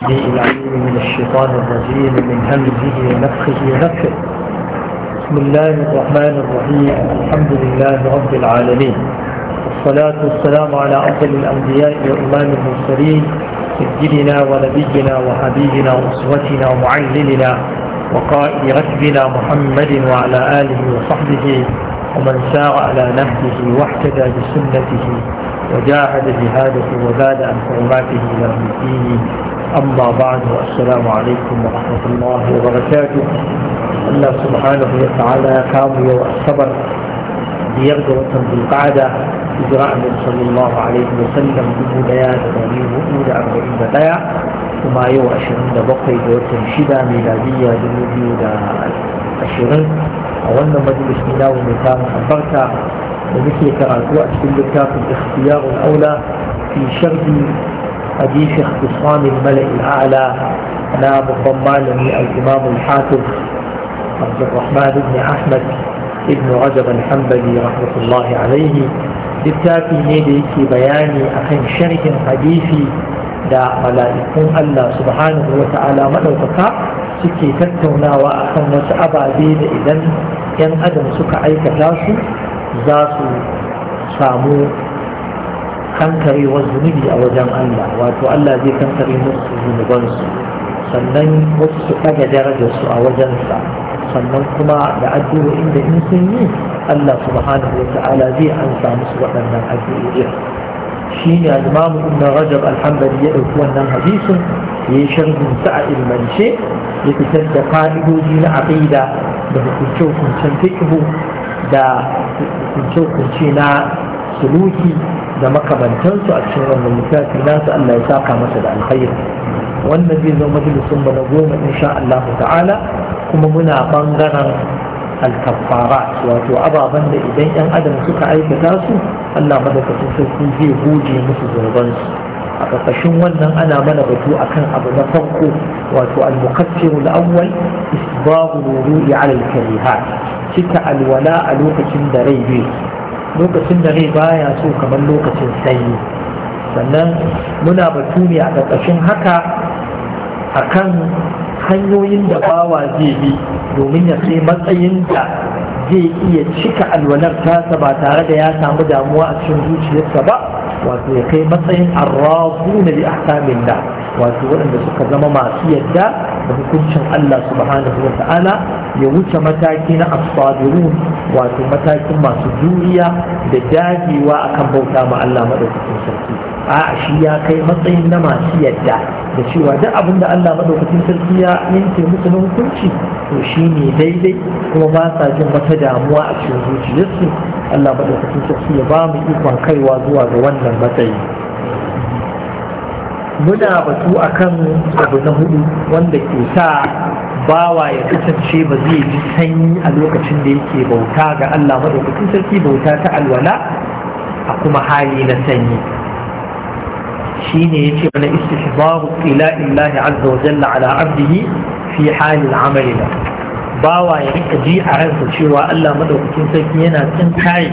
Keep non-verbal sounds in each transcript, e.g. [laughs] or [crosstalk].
من الشيطان الرجيم من همزه ونفخه ونفخه بسم الله الرحمن الرحيم الحمد لله رب العالمين والصلاة والسلام على أفضل الأنبياء وإمام المرسلين سيدنا ونبينا وحبيبنا وأسوتنا ومعلمنا وقائد ركبنا محمد وعلى آله وصحبه ومن سار على نهجه واحتدى بسنته وجاهد جهاده وزاد عن حرماته إلى أما بعد والسلام عليكم ورحمة الله وبركاته الله سبحانه وتعالى كامل والصبر بيغدرة بالقعدة إجراء من صلى الله عليه وسلم بمبيان ومعين وقود أربعين بقيا وما يو أشرين بقي بوتن شدا ميلادية لمبيد أشرين أولنا مجلس ملا ومتام أبرتا ومثل كرات وقت في اللقاء الاختيار الأولى في شرب حديث اختصام الملأ الأعلى أنا مضمالني الإمام الحافظ عبد الرحمن بن أحمد ابن رجب الحنبلي رحمة الله عليه littafi ne da yake bayani akan sharhin hadisi da mala'ikun Allah subhanahu wa ta'ala maɗaukaka suke tattaunawa akan wasu ababe da idan 'yan adam suka aikata su za su samu kankare wa zunubi a wajen Allah wato Allah zai kankare musu zunubansu sannan wasu su ɗaga darajarsu a wajensa sannan kuma da addu'o da in sun yi Allah subhanahu wa ta'ala zai an musu waɗannan addu'o'in shi ne al-imamu rajab al ya ɗauki wannan hadisin ya yi sharhin sa a ilmance ya fitar da fa'idoji na aqida da hukunce-hukuncen fiqh da hukunce-hukunce na suluki da makamantansu a cikin wannan littafi nasu Allah ya saka masa da alkhairi wannan zai zama majalisun mu na goma insha Allah ta'ala kuma muna bangaren alkafara wato ababen da idan yan adam suka aikata su Allah madaukakin sarki zai goge musu zunubansu a ƙarƙashin wannan ana mana batu akan abu na farko wato al-muqaddimu al-awwal isbabu wudu'i 'ala al cika alwala a lokacin da rai bai lokacin da rai baya so kamar lokacin sanyi sannan muna batu ne a ƙarƙashin haka a kan hanyoyin da bawa zai bi domin ya sai matsayin da zai iya cika alwalar tasa ba tare da ya samu damuwa a cikin zuciyarsa ba wato ya kai matsayin arrafu na bi samun da wato waɗanda suka zama masu yadda da hukuncin Allah subhanahu wa ta'ala ya wuce mataki na asabirun wato matakin masu juriya da dagewa akan bauta ma Allah madaukakin sarki a shi ya kai matsayin na masu yadda da cewa duk abin da Allah madaukakin sarki ya yanke musu na hukunci to shine daidai kuma ba sa jin wata damuwa a cikin zuciyarsu Allah madaukakin sarki ya ba mu ikon kaiwa zuwa ga wannan matsayi muna batu akan abu na hudu wanda ke sa bawa ya kasance ba zai ji sanyi a lokacin da yake bauta ga Allah madaukakin sarki bauta ta alwala a kuma hali na sanyi shine yace mana istihbaru ila illahi azza wa jalla ala abdihi fi halin al'amal bawa ya rika ji a ransa cewa Allah madaukakin sarki yana cin kai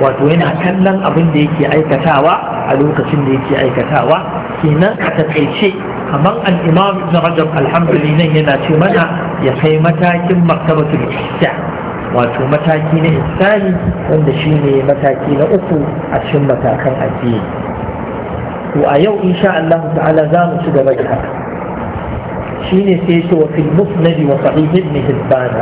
wato yana kallon abin da yake aikatawa a lokacin da yake aikatawa kenan a takaice kamar al'imam ibn rajab alhamdulillah yana ce mana ya kai matakin maktabatul ihsan wato mataki na ihsani wanda shine mataki na uku a cikin matakan addini to a yau insha Allah ta'ala za mu ci gaba da haka shine sai ce wa fil musnad wa sahih ibn hibban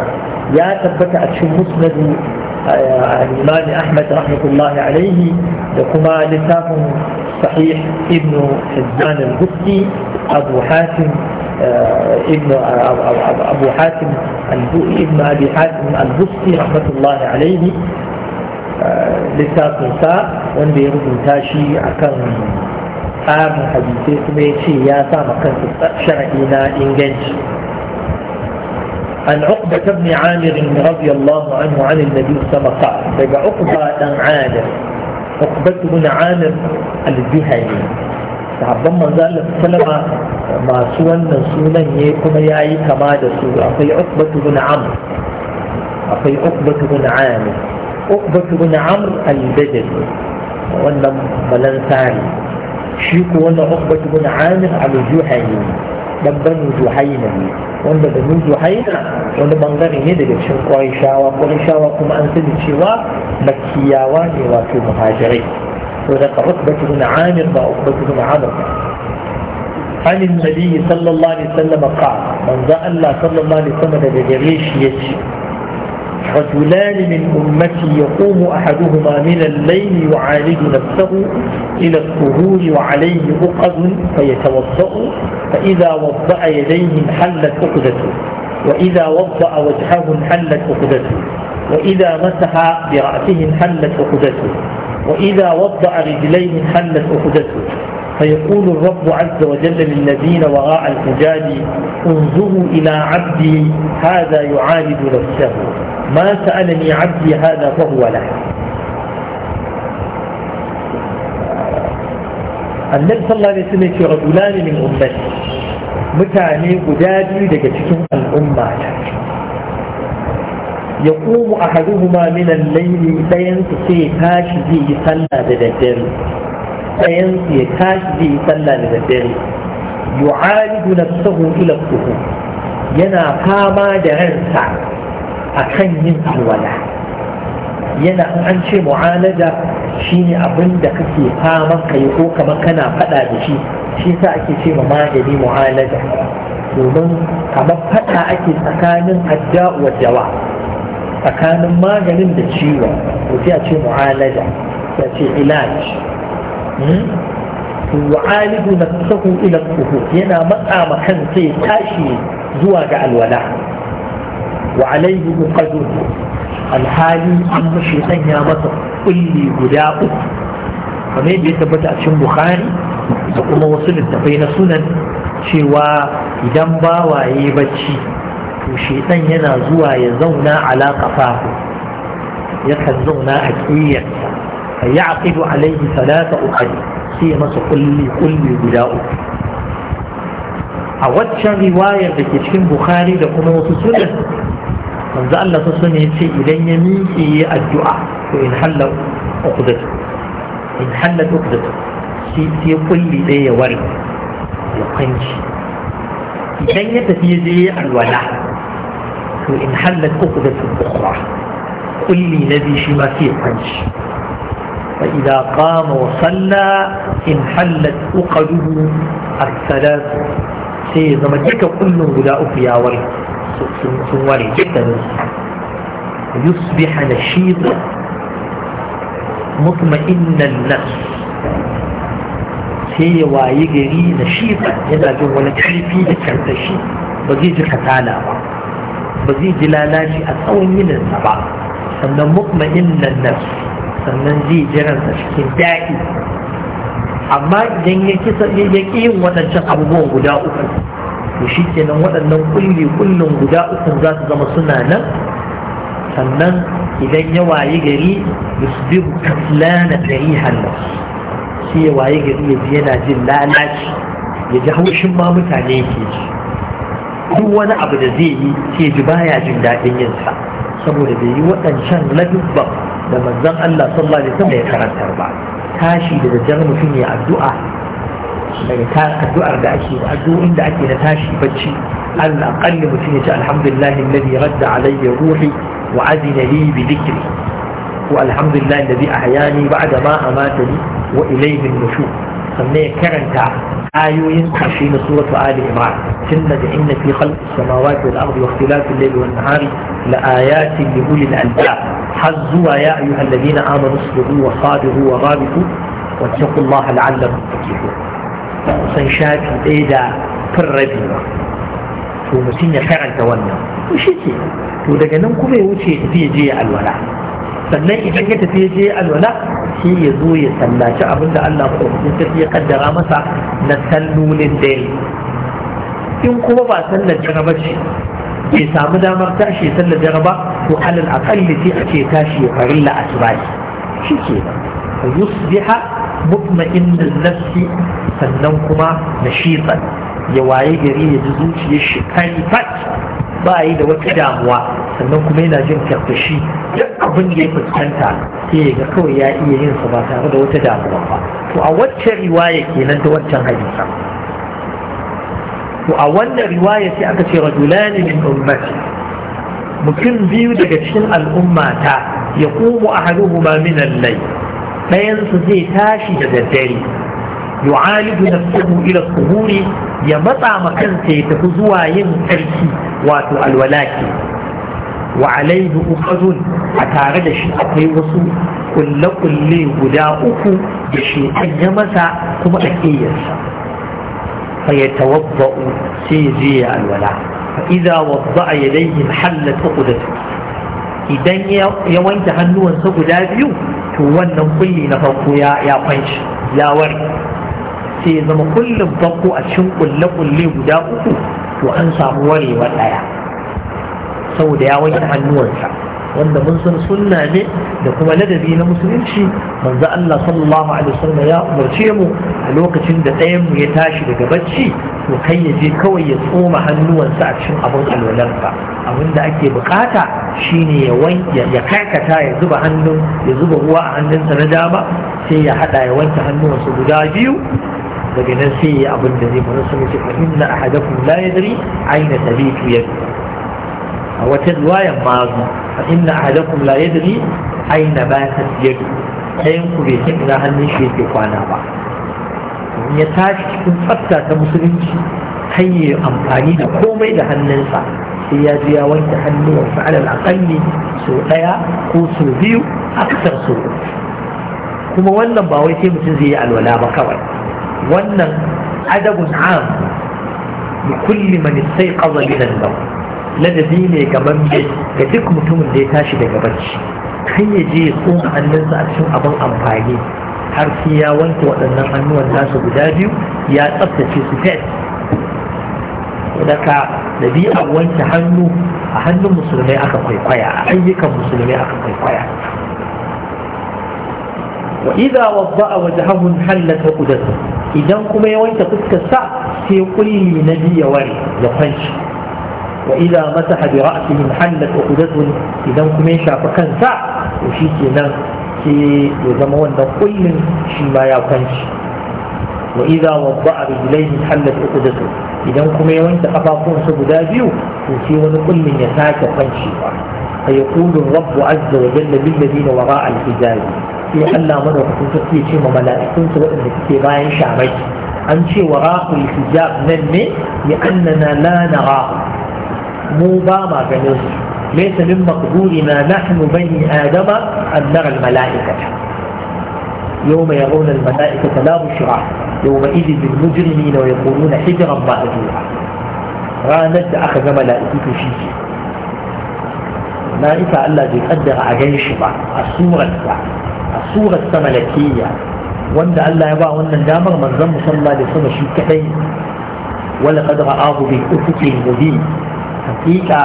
ya tabbata a cikin musnad eh, al-imam ahmad rahmatullahi alayhi da kuma littafin صحيح ابن حزان البستي أبو حاتم آه، ابن أبو حاتم ابن أبي حاتم البستي رحمة الله عليه آه، لساق نساء وان بيرد تاشي a kan حديثي hadisai يا سامة كنت شرعينا sa عن عقبة بن عامر رضي الله عنه عن النبي صلى الله عليه وسلم قال عقبة بن عامر عقبة بن عامر الجهني sahabban manzo Allah sallama masu wannan sunan ne kuma yayi kama da su akwai Uqbatu bin Amr akwai Uqbatu bin Amir Uqbatu bin Amr al-Bajali wannan balansari shi ko wannan bin Amir al-Juhani dan banu ne wanda banu wani bangare ne daga cikin ƙwarishawa ƙwarishawa kuma an sani cewa makiyawa ne wato muhajirai وذاك عقبة ba عامر وعقبة بن عمرو عن النبي صلى الله عليه وسلم قال Allah sallallahu alaihi صلى الله عليه وسلم ya يجي رجلان من أمتي يقوم أحدهما من الليل يعالج نفسه إلى الطهور وعليه عقد فيتوضأ فإذا وضأ يديه انحلت عقدته وإذا وضأ وجهه انحلت عقدته وإذا مسح برأسه انحلت عقدته وإذا وضأ رجليه انحلت عقدته فيقول الرب عز وجل للذين وراء الحجاج انظروا إلى عبدي هذا يعالج نفسه ما سألني عبدي هذا فهو له النبي صلى الله عليه وسلم في رجلان من أمتي متعني قدادي لجتكم الأمة يقوم أحدهما من الليل بين سيتاش زي صلى للدر بين سيتاش زي صلى للدر يعالج نفسه إلى الظهور ينا قاما درنسا akan yin alwala yana an ce mu'alaja shine abin da kake fama kai ko kamar kana fada da shi shi sa ake ce ma magani mu'alaja domin kamar fada ake tsakanin adda wa jawa, tsakanin maganin da ciwon ko sai a ce mu'alaja sai a ce ilaj yu'alidu hmm? nafsahu ila yana matsa ma kansa ya tashi zuwa ga alwala wa alaihi muqaddu alhali an mashi sanya masa kulli guda uku kamar yadda ya tabbata a cikin bukhari da kuma wasu littafai na sunan cewa idan bawaye bacci to shedan yana zuwa ya zauna ala kafahu yakan zauna a ƙiyarsa fa ya'qidu alaihi salata uqad sai masa kulli kulli guda uku a waccan riwayar da ke cikin bukhari da kuma wasu sunan manzo Allah ta yace idan ya miƙe ya addu'a to in halla uqdatu in halla uqdatu shi sai kulli ɗaya ya ware ya kwanci idan ya tafi ya je alwala to in halla uqdatu ukhra kulli na biyu shi ma sai ya kwanci فإذا قام وصلى sai أقده الثلاث سيزمجك كل غداء في ياوري sun ware dukkanin yusbiha nashid mutma'innan nas sai ya wayi gari na shi ba yana jin wani karfi da shi ba zai ji katala ba ba zai ji lalaci a tsawon yininsa ba sannan mutma'innan nas sannan zai jiransa cikin daɗi amma idan ya ƙi yin waɗancan abubuwan guda uku to shi kenan waɗannan kulli kullum guda uku za su zama suna nan sannan idan ya waye gari yusbihu kaslana tarihan hannu. shi ya waye gari ya ji yana jin lalaci ya ji haushin ma mutane ke ji duk wani abu da zai yi sai ji baya jin daɗin yin sa saboda bai yi waɗancan ladubba da manzon Allah sallallahu alaihi wasallam ya karantar ba tashi daga jar mutum ya addu'a يعني الحمد لله الذي رد علي روحي وعزن لي بذكري والحمد لله الذي أحياني بعد ما أماتني وإليه النشور سمي كرنتا آيوين قرشين سورة آل إمران سنة إن في خلق السماوات والأرض واختلاف الليل والنهار لآيات لأولي الألباب حزوا يا أيها الذين آمنوا اصبروا وصابروا وغابطوا واتقوا الله لعلكم تفلحون kusan shafi ɗaya da fin rabi ba to mutum ya karanta wannan to shi ke to daga nan kuma ya wuce ya je ya alwala sannan idan ya tafi ya je ya alwala sai ya zo ya sallaci abin da Allah ya tafi ya kaddara masa na sallolin dare in kuma ba sallar jaraba ce Ya samu damar tashi sallar jaraba to alal akalli sai a ce tashi ya farilla asubahi shi ke nan yusbiha mutma'in nafsi sannan kuma na nashitan ya waye gari ya ji zuciyar shi fat. ba yi da wata damuwa sannan kuma yana jin karfashi duk abin da ya fuskanta sai ya ga kawai ya iya yin sa ba tare da wata damuwa ba to a wacce riwaya kenan ta wancan hadisa to a wannan riwaya sai aka ce rajulani min ummati mutum biyu daga cikin al'ummata ya kuma ahaduhuma min al-layl ɗayansu zai tashi daga dare. yu'alidu nafsuhu ila suhuri ya matsa ma kansa ya tafi zuwa yin tsarki wato alwalaki wa alaihi ukazun a tare da shi akwai wasu kulle-kulle guda uku da shi ya masa kuma a ƙeyarsa fa ya tawabba'u sai je ya alwala fa idza wadda'a yadayhi hallat uqdatu idan ya wanke hannuwansa guda biyu to wannan kulli na farko ya kwanci sai ya zama kullum farko a cikin kulle-kulle guda uku to an samu warewa ɗaya saboda ya wanke hannuwansa wanda mun san sunna ne da kuma ladabi na musulunci manzo Allah sallallahu alaihi wasallam ya umarce mu a lokacin da ɗayan mu ya tashi daga bacci to kai ya je kawai ya tsoma hannuwansa a cikin abin alwalarsa abin da ake bukata shine ya wanke ya karkata ya zuba hannun ya zuba ruwa a hannunsa na dama sai ya hada ya wanke hannuwansa guda biyu daga nan sai ya abin da zai mana sun ce inna ahadakum la yadri aina tabitu yadu a wata riwayan ma fa inna ahadakum la yadri aina batat yadu ɗayan ku bai san ina hannun shi yake kwana ba ya tashi cikin tsafta ta musulunci hanyar amfani da komai da hannunsa sai ya ji ya wanke hannuwansa alal akalli so ɗaya ko so biyu aksar so kuma wannan ba wai sai mutum zai yi alwala ba kawai wannan adabun am da kulli mani sai min an ladabi ne ga mambe ga duk mutumin da ya tashi daga bacci Kan ya je tsoma hannunsa a cikin abin amfani har sai ya wanke waɗannan hannuwan nasa guda biyu ya tsaftace su fes daga ɗabi'a wanke hannu a hannun musulmai aka kwaikwaya a ayyukan musulmai aka kwaikwaya wa idza wadda'a wajhahu hallat qudatuhu idan kuma ya wanke fuskarsa sai kulli na biya ware ya kwanci wa idza masaha bi ra'sihi halat uqdatun idan kuma ya shafa kansa to shi kenan sai ya zama wannan kullin shi ma ya kwanci wa idza wadda'a rijlaihi halat uqdatun idan kuma ya wanke kafafunsa guda biyu to sai wani kullin ya sake kwancewa فيقول الرب عز وجل للذين وراء الحجاب في حلا من وقت تكي شيء ملائكة وإن تكي باين شعبك عن شيء وراء الحجاب نمي لأننا لا نراه مو باما جنوس ليس من مقبولنا نحن بني آدم أن نرى الملائكة يوم يرون الملائكة لا بشرى يومئذ بالمجرمين ويقولون حجرا مأجورا ranar da أخذ gama la'iku mala'ika Allah bai kaddara a gan shi ba a surarsa a surarsa malakiyya wanda Allah ya ba wannan damar manzon mu sallallahu alaihi wasallam shi kadai wala qad ra'ahu bi ufuqil mubin hakika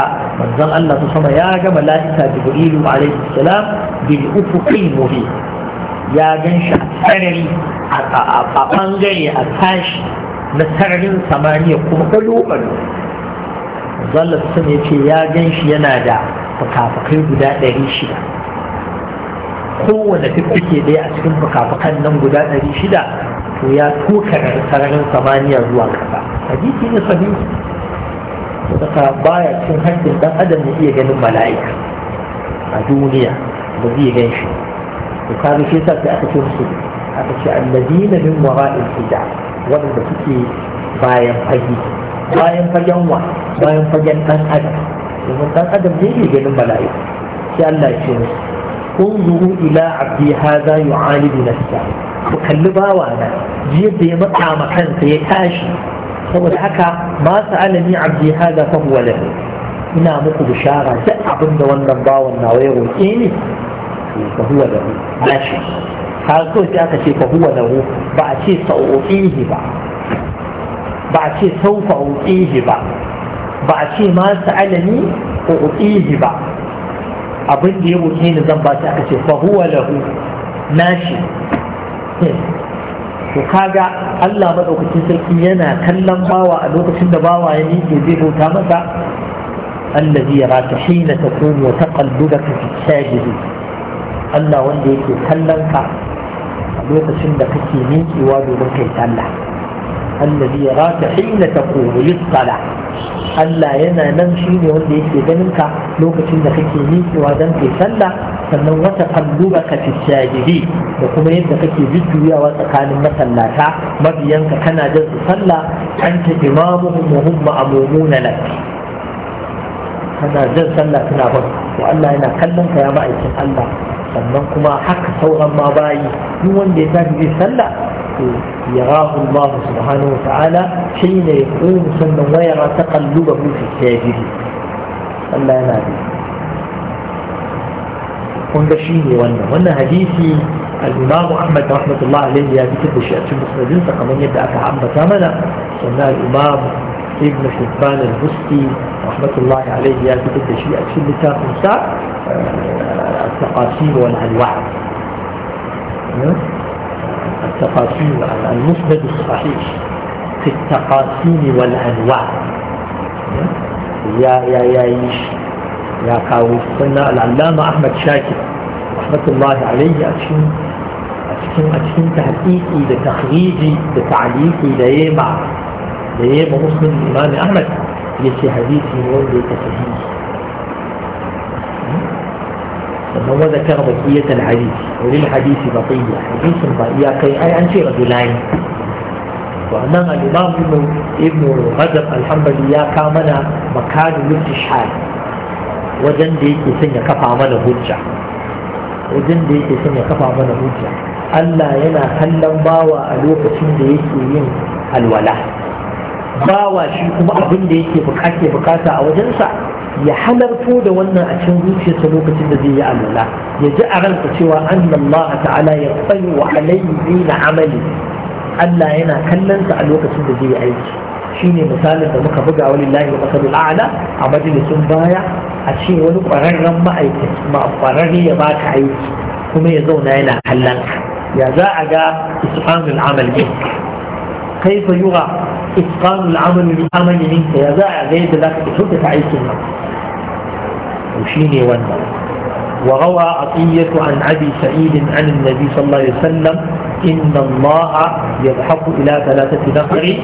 manzon Allah su sama ya ga mala'ika jibrilu alaihi salam bil ufuqil mubin ya gan shi a sarari a bangare a tashi na sararin samaniya kuma kwalo-kwalo zalla sama ya ce ya gan shi yana da fukafukai guda ɗari shida kowane fiffike ɗaya a cikin fukafukan nan guda ɗari shida to ya toka sararin samaniya zuwa ƙasa hadisi ne sahihi saka baya cin haƙƙin ɗan adam ya iya ganin mala'ika a duniya ba zai gan shi to kaga shi yasa sai aka ce musu aka ce alladina min wara'il hijab wanda suke bayan fage bayan fagen wa bayan fagen ɗan adam domin dan adam ne ne ganin mala'iku sai Allah ya ce musu unzuru ila abdi hadha yu'alidu nafsa ku kalli bawa na jiya da ya matsa ma kansa ya tashi saboda haka ma sa'alani abdi hadha fa huwa lahu ina muku bishara duk abin da wannan bawan nawa ya roƙe ni fa huwa lahu bashi har so sai aka ce fa huwa lahu ba a ce sa'o'ihi ba ba a ce saufa ba ba a ce ma sa'alani ko uqihi ba abin da ya wuce ni zan ba shi aka ce fa huwa lahu nashi to kaga Allah madaukakin sarki yana kallon bawa a lokacin da bawa ya miƙe zai bauta masa allazi yaraka hina taqumu wa taqallubaka fi sajidi Allah wanda yake kallon ka a lokacin da kake miƙewa domin kai sallah الذي يراك حين تقوم للصلاة Allah yana nan shi ne wanda yake ganin ka lokacin da kake miƙewa don kai sallah sannan wata kalluba ka tisajidi da kuma yadda kake jujjuyawa tsakanin masallata mabiyanka kana jin su sallah an ta imamuhum wa hum ma'mumuna kana jin sallah kana ba wa Allah yana kallon ka ya ma'aikin Allah sannan kuma haka sauran ma bayi duk wanda ya tafi zai sallah الحق يراه الله سبحانه وتعالى حين يقوم ثم ويرى تقلبه في الساجدين صلى الله عليه وسلم وانا وانا حديثي الإمام أحمد رحمة الله عليه يا بيت الشيء في المسندين فقمن يبدأ كعبة كاملة سمى الإمام ابن حبان البستي رحمة الله عليه يا بيت الشيء في المسندين فقمن يبدأ كعبة كاملة التقاسيم والألواح Yeah. أه؟ التقاسيم على المسند الصحيح في التقاسيم والأنواع يا يا يا يش يا كاوس قلنا العلامة أحمد شاكر رحمة الله عليه أتشين أتشين أتشين تحقيقي لتخريجي لتعليقي ليمع ليمع مسلم الإمام أحمد يسي حديثي وولي تسهيل sannan wanda ta raba kiyatar hadisi wurin hadisi ba kai ya hadisin ba iya kai ai an ce rajulani to annan al-imam ibn ibn rajab al-hanbali ya ka mana makanu al-istishhad wajen da yake son ya kafa mana hujja wajen da yake son ya kafa mana hujja Allah yana kallon bawa a lokacin da yake yin alwala bawa shi kuma abin da yake bukata a wajensa ya halarto da wannan a cikin zuciyarsa lokacin da zai yi alwala ya ji a ransa cewa Allah ta'ala ya tsayo wa alayhi na amali Allah yana kallonsa a lokacin da zai yi aiki shine misalin da muka buga wa lillahi wa qasadul a'la a majalisun baya a ce wani ƙwararren ma'aikaci ma ƙwararre ya baka aiki kuma ya zauna yana kallon ya za a ga isqamul amal ne kaifa yura إتقان العمل بالعمل منك يا ذا عبيد لك بحجة aikin النفس وشيني وانا وروى عطية عن أبي سعيد عن النبي صلى الله عليه وسلم إن الله يضحك إلى ثلاثة نفر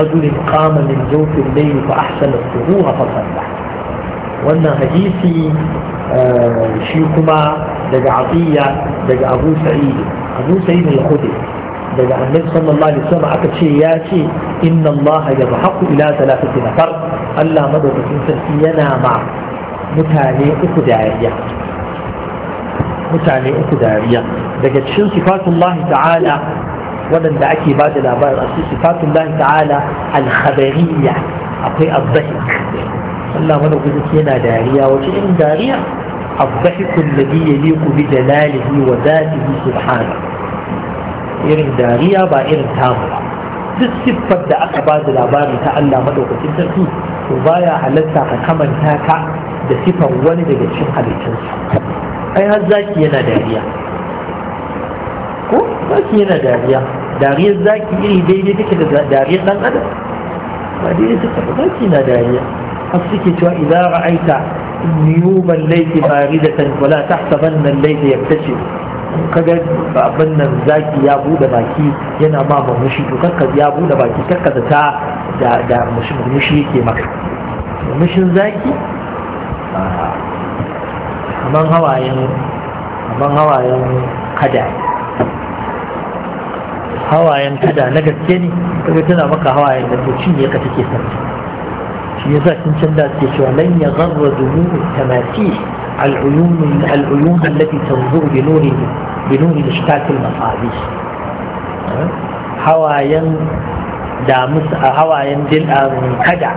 رجل قام من جوف الليل فأحسن الطهور فصلى وانا حديثي آه شيكما دقى عطية دقى أبو سعيد أبو سعيد الخدري daga annabi sallallahu alaihi wasallam aka ce ya ce inna allaha yadhaku ila thalathati nafar Allah madaukakin sarki yana ma متعني اتداعية متعني اتداعية دقت شن صفات الله تعالى ولن دعكي بعد الأبار الأصلي صفات الله تعالى الخبرية أقي الضحك الله ولو قلت هنا دارية وشئين دارية الضحك الذي يليق بجلاله وذاته سبحانه إرم دارية بإرم تامرة duk siffar da aka ba da labarin ta Allah madaukakin sarki to baya halatta ka kamanta ka da siffar wani daga cikin halittunsa ai har zaki yana dariya ko zaki yana dariya dariyar zaki iri daidai take da dariyar dan adam ba daidai take ba zaki na dariya har suke cewa idan ra'aita niyuban laifi baridatan wala tahsabanna al-layla yaktashifu kaga abin nan zaki ya bude baki yana ma murmushi to kakka ya bude baki kakka da ta da da murmushi yake maka murmushin zaki kaman hawayen kaman hawayen kada hawayen kada na gaske ne kaga tana maka hawayen da to cinye ka take sarki shi yasa kin can, da take cewa lan ya gharra dumu tamati العيون العيون التي تنظر بنور بنور اشتات المصابيح هوايا دامس هوايا دل كدع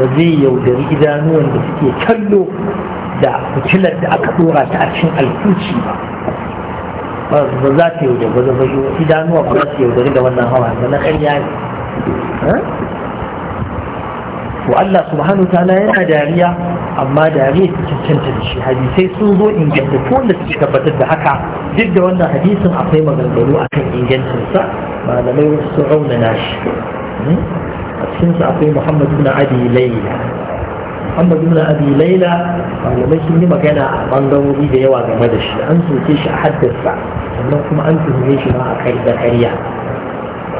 بزي يودري إذا نون بسكي كله da fitilar da aka dora ta a cikin alkuci ba ba za ta yaudari ba zama idanuwa ba za ta yaudari da wannan hawa na ƙarya to Allah subhanahu wa ta'ala yana dariya amma dariya ta cancanta da shi hadisai sun zo inganta ko wanda suke tabbatar da haka duk da wannan hadisin akwai maganganu akan ingancinsa malamai wasu raunana nashi. Hmm? a cikinsa akwai Muhammad ibn Abi Layla Muhammad ibn Abi Layla malamai sun yi magana a bangarori da yawa game da shi an soke shi a haddasa sannan kuma an tuhume shi ma a kai da ƙarya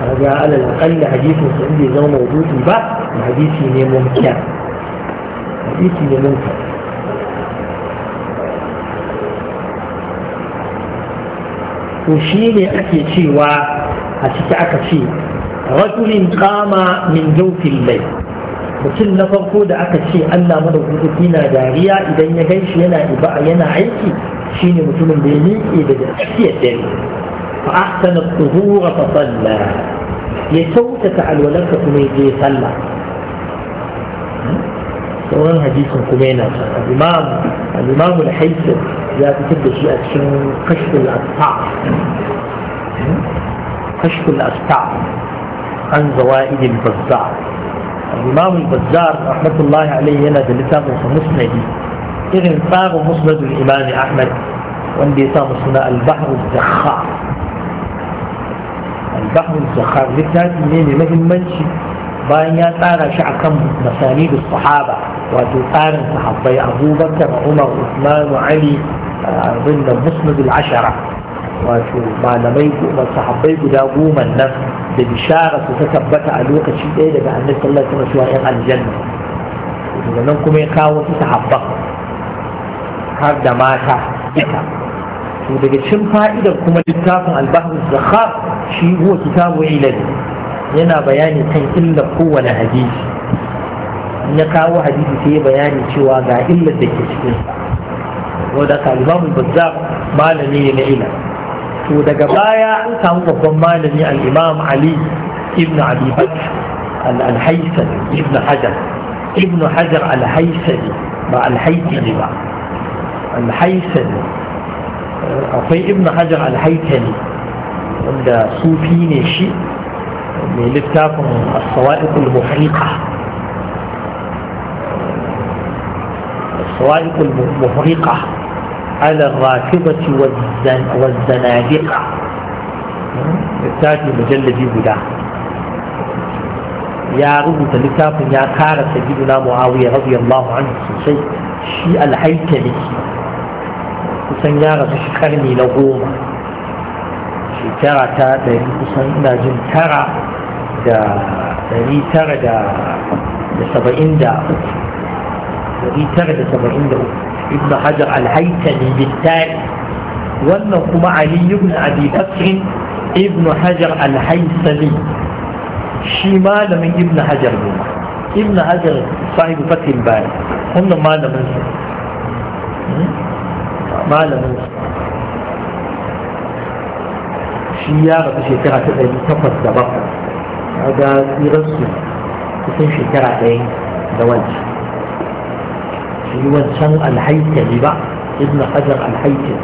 kaga alal aqalli hadisin su in bai zama mawdu'i ba hadisi ne hadisi ne mumkin to shi ne ake cewa a ciki aka ce rajulin kama min jawfin lai mutum na farko da aka ce Allah madaukaki na dariya idan ya ganshi yana iba yana aiki shine mutumin da ya miƙe daga tsakiyar dare أحسن الطهور فصلى يسوي تفعل ولك تكوني دي صلى سوان حديث كمينة الإمام الإمام الحيث لا تكد شيء أكشن قشف الأسطع قشف الأسطع عن زوائد البزاع الإمام البزار رحمة الله عليه هنا دلتاب مسندي إذن فاغ مسند الإمام أحمد وانديتا مسند البحر الزخار al-bahrul sakhar littafi ne mai mahimmanci bayan ya tsara shi akan masani da sahaba wato tsarin sahabbai abubakar umar usman ali abin da musnad ashara wato malamai sahabbai guda goma nan da bishara su ta tabbata a lokaci ɗaya daga annabi sallallahu alaihi wasallam zuwa yan aljanna daga nan kuma ya kawo wasu sahabban har da mata duka to daga cin fa'idar kuma littafin albahar zakhar shi huwa kitabu ilal yana bayani kan illar kowane hadisi ya kawo hadisi sai ya bayani cewa ga illar da ke cikin wanda ka imamu bazzar malami ne na ila to daga baya an samu babban malami al-imam ali ibn abi bakr al-haytham ibn hajar ibn hajar al-haytham ba al-haytham ba al-haytham akwai ibn hajar al-haitali wanda sufi ne shi mai littafin as-sawa'iqul muhriqa as ala ar-rafidati littafi mujalladi guda ya rubuta littafin ya kara sayyidina muawiya radiyallahu anhu sosai shi al-haitali kusan ya rasu karni na goma shekara ta ɗari kusan ina jin tara da ɗari tara da saba'in da ɗari tara da saba'in da ibn hajar alhaitani bittari wannan kuma ali ibn abi bakrin ibn hajar alhaitani shi malamin ibn hajar ne ibn hajar sahibu fatil bayan wannan malamin sa hmm? malamin shi ya rasu shekara ta ɗari takwas da bakwai ga tsirarsu kusan shekara ɗaya da wancan shi wancan alhaitali ba ibn hajar alhaitali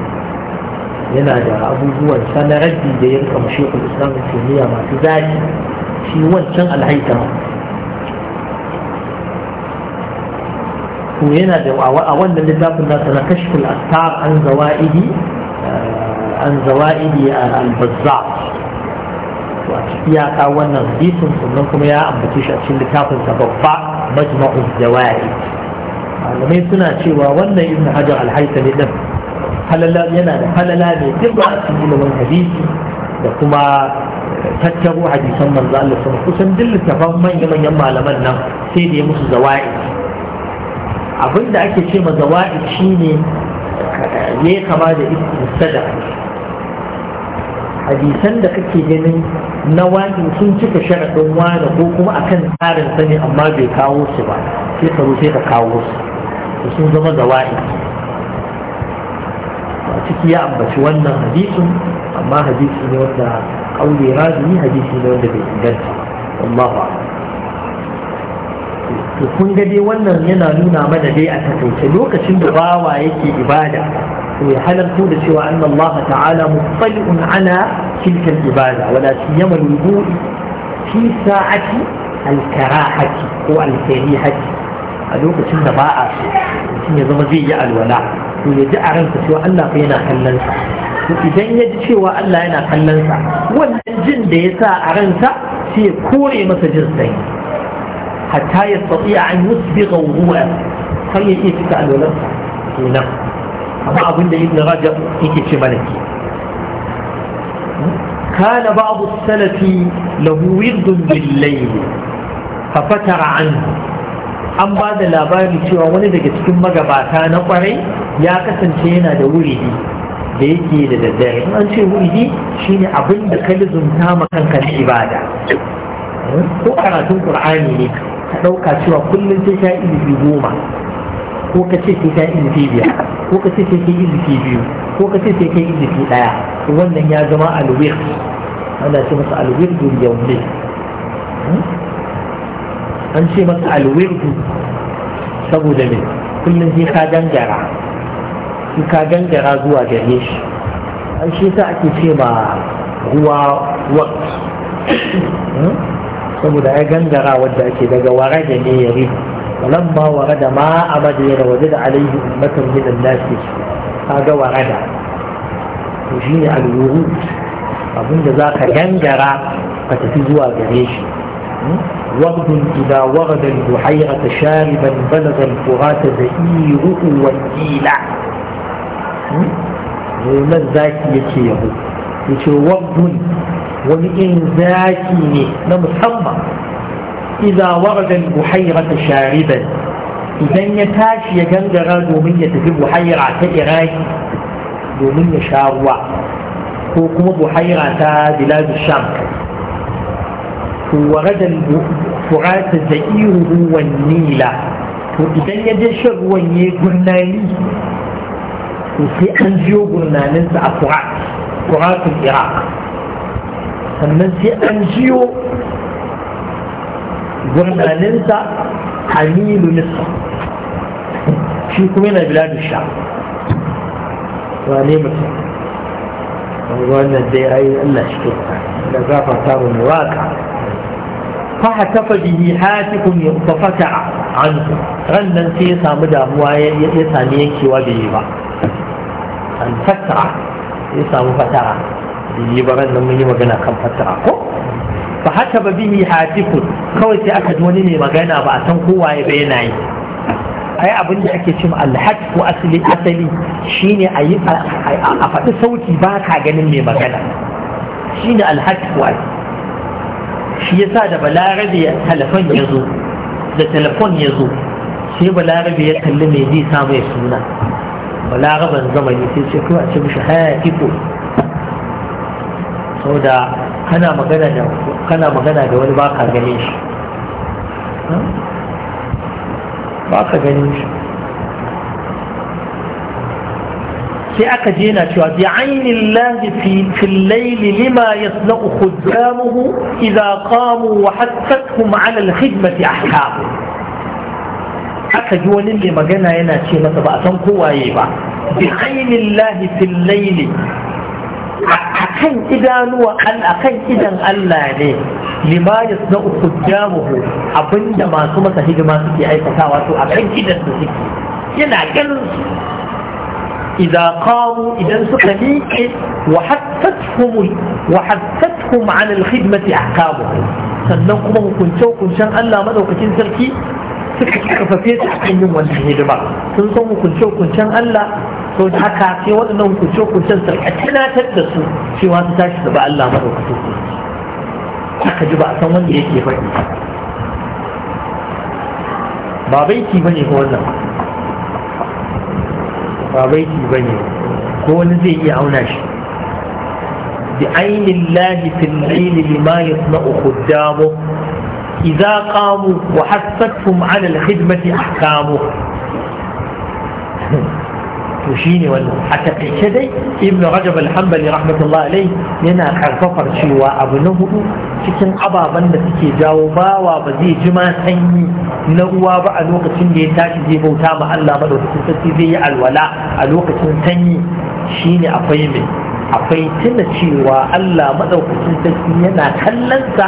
yana da abubuwan sanarar da ya rika mashekul islam da masu zafi shi wancan alhaitali to yana da a wannan littafin nasa na kashful astar an zawa'idi eh, an zawa'idi al-bazza to a ciki ya kawo wannan hadisin sannan kuma ya ambace shi a cikin littafin sa babba majma'u zawa'id malamai suna cewa wannan ibn hajar al-haythami din halala yana da halala ne duk a cikin ilimin hadisi da kuma tattaro hadisan manzo Allah sama kusan duk littafan manyan manyan malaman nan sai da ya musu zawa'id Abin da ake ce ma zawa'id shine ya kama da sada hadisan da kake ganin na wani sun cika sharaɗin wani ko kuma akan tsarin ne amma bai kawo su ba sai ka sai ka kawo su sun zama zawa'i. a ciki ya ambaci wannan hadisin amma hadisi ne wanda ƙaure razumi hadisi ne wanda bai inganta wallahu a'lam to kun ga dai wannan yana nuna mana dai a takaice lokacin da bawa yake ibada to ya halarta da cewa anna Allah ta'ala muttali'un ana tilka ibada wala siyama al-wudu'i fi sa'ati al ko al a lokacin da ba a so mutum ya zama zai yi alwala to ya ji a ranka cewa Allah fa yana kallon sa to idan ya ji cewa Allah yana kallon sa wannan jin da ya sa a ransa sai ya kore masa jin sanyi hatta ya tsatsi a an yusbi gauruwa har ya iya cika alwalarsa kenan amma abin da ibn rajab yake ce mana ke kana ba'du salafi lahu wirdun bil layl fa fatara anhu an ba da labari cewa wani daga cikin magabata na kwarai ya kasance yana da wuridi da yake da daddare an ce wuridi shine abin da ka lizumta ma kanka ibada ko karatun qur'ani ne ka ɗauka cewa kullum sai ka ilimi goma ko ka ce sai ka ilimi biyar ko ka ce sai ka ilimi biyu ko ka ce sai ka ilimi ɗaya wannan ya zama alwir ana ce masa alwir dun yau ne hmm? an ce masa alwir saboda me kullum sai ka gangara sai ka gangara zuwa gare shi an shi sa ake ce ma ruwa wa saboda ya gangara wadda ake daga wara da ne yare walamma wara da ma a da waje da alaihi ummatan min an-nas wara da to shine al-wurud abinda zaka gangara ka tafi zuwa gare shi وغد إذا وغد البحيرة شاربا بلغ الفرات زئيره والديلة ومن ذاك يتيه يتيه وغد ولإنزاكي نمصمم إذا ورد البحيرة شاربا إذن يتاش يجنجر دومية في بحيرة إراك دومية شاروة وكم بحيرة بلاد الشام ورد الفرات زئيره والنيل وإذن يجشر ونيه قرناني وفي أنجيو قرنانين سأفرات فرات العراق sannan sai an jiyo gwamnaninsa hamilu nisa shi kuma yana biladu sha wane mutum wannan dai ayi Allah shi ke da gafarta mu waka fa hatafa bihi hatikum yafata anhu rannan sai ya samu damuwa ya sami yankewa da yi ba an fatara ya samu fatara yi ba nan mun yi magana kan fassara ko fa haka ba bihi hatifu kawai sai aka ji wani mai magana ba a san kowa ya yana yi ai abin da ake cewa ko asali asali shine a yi a faɗi sauti ba ka ganin mai magana shine alhatifu shi yasa da balarabe ya telefon ya zo da telefon ya zo sai balarabe ya kalli mai zai samu ya suna balaraban zamani sai ce kawai a ce mishi hatifu saboda kana magana da kana magana da wani baka ganin shi baka ganin shi sai aka je na cewa bi ainihin lahi fi lima ya sana'u khuddamuhu idza kamu wa hassatuhum ala al-khidmati ahkam aka ji wani mai magana yana ce masa ba a san kowaye ba bi ainihin lahi fi a kan idanuwa Allah kan idan Allah ne lima ya suna abinda masu masa hidima suke aikatawa to a kan yana ganin su idan kamu idan suka miƙe wa hattatkum an alhidmati a kamu sannan kuma hukunce hukuncen Allah madaukakin sarki suka kafafe su a kan yin wannan hidima sun san hukunce hukuncen Allah to da haka sai waɗannan hukunce hukuncen su rika tunatar da su cewa su tashi su ba Allah madaukakin sarki aka ji ba a san wanda yake faɗi ba baiti bane ko wannan ba baiti bane ko wani zai iya auna shi بعين الله في الليل لما يصنع خدامه إذا قاموا وحثتهم على الخدمة أحكامه to ne wannan a takaice dai ibn rajab alhambali hanbali rahmatullah alai yana karfafar cewa abu na hudu cikin ababen da suke jawo bawa ba zai ji ma sanyi na uwa ba a lokacin da ya tashi zai bauta ma Allah madaukakin sarki zai yi alwala a lokacin sanyi ne akwai mai akwai tuna cewa Allah maɗaukacin sarki yana kallonsa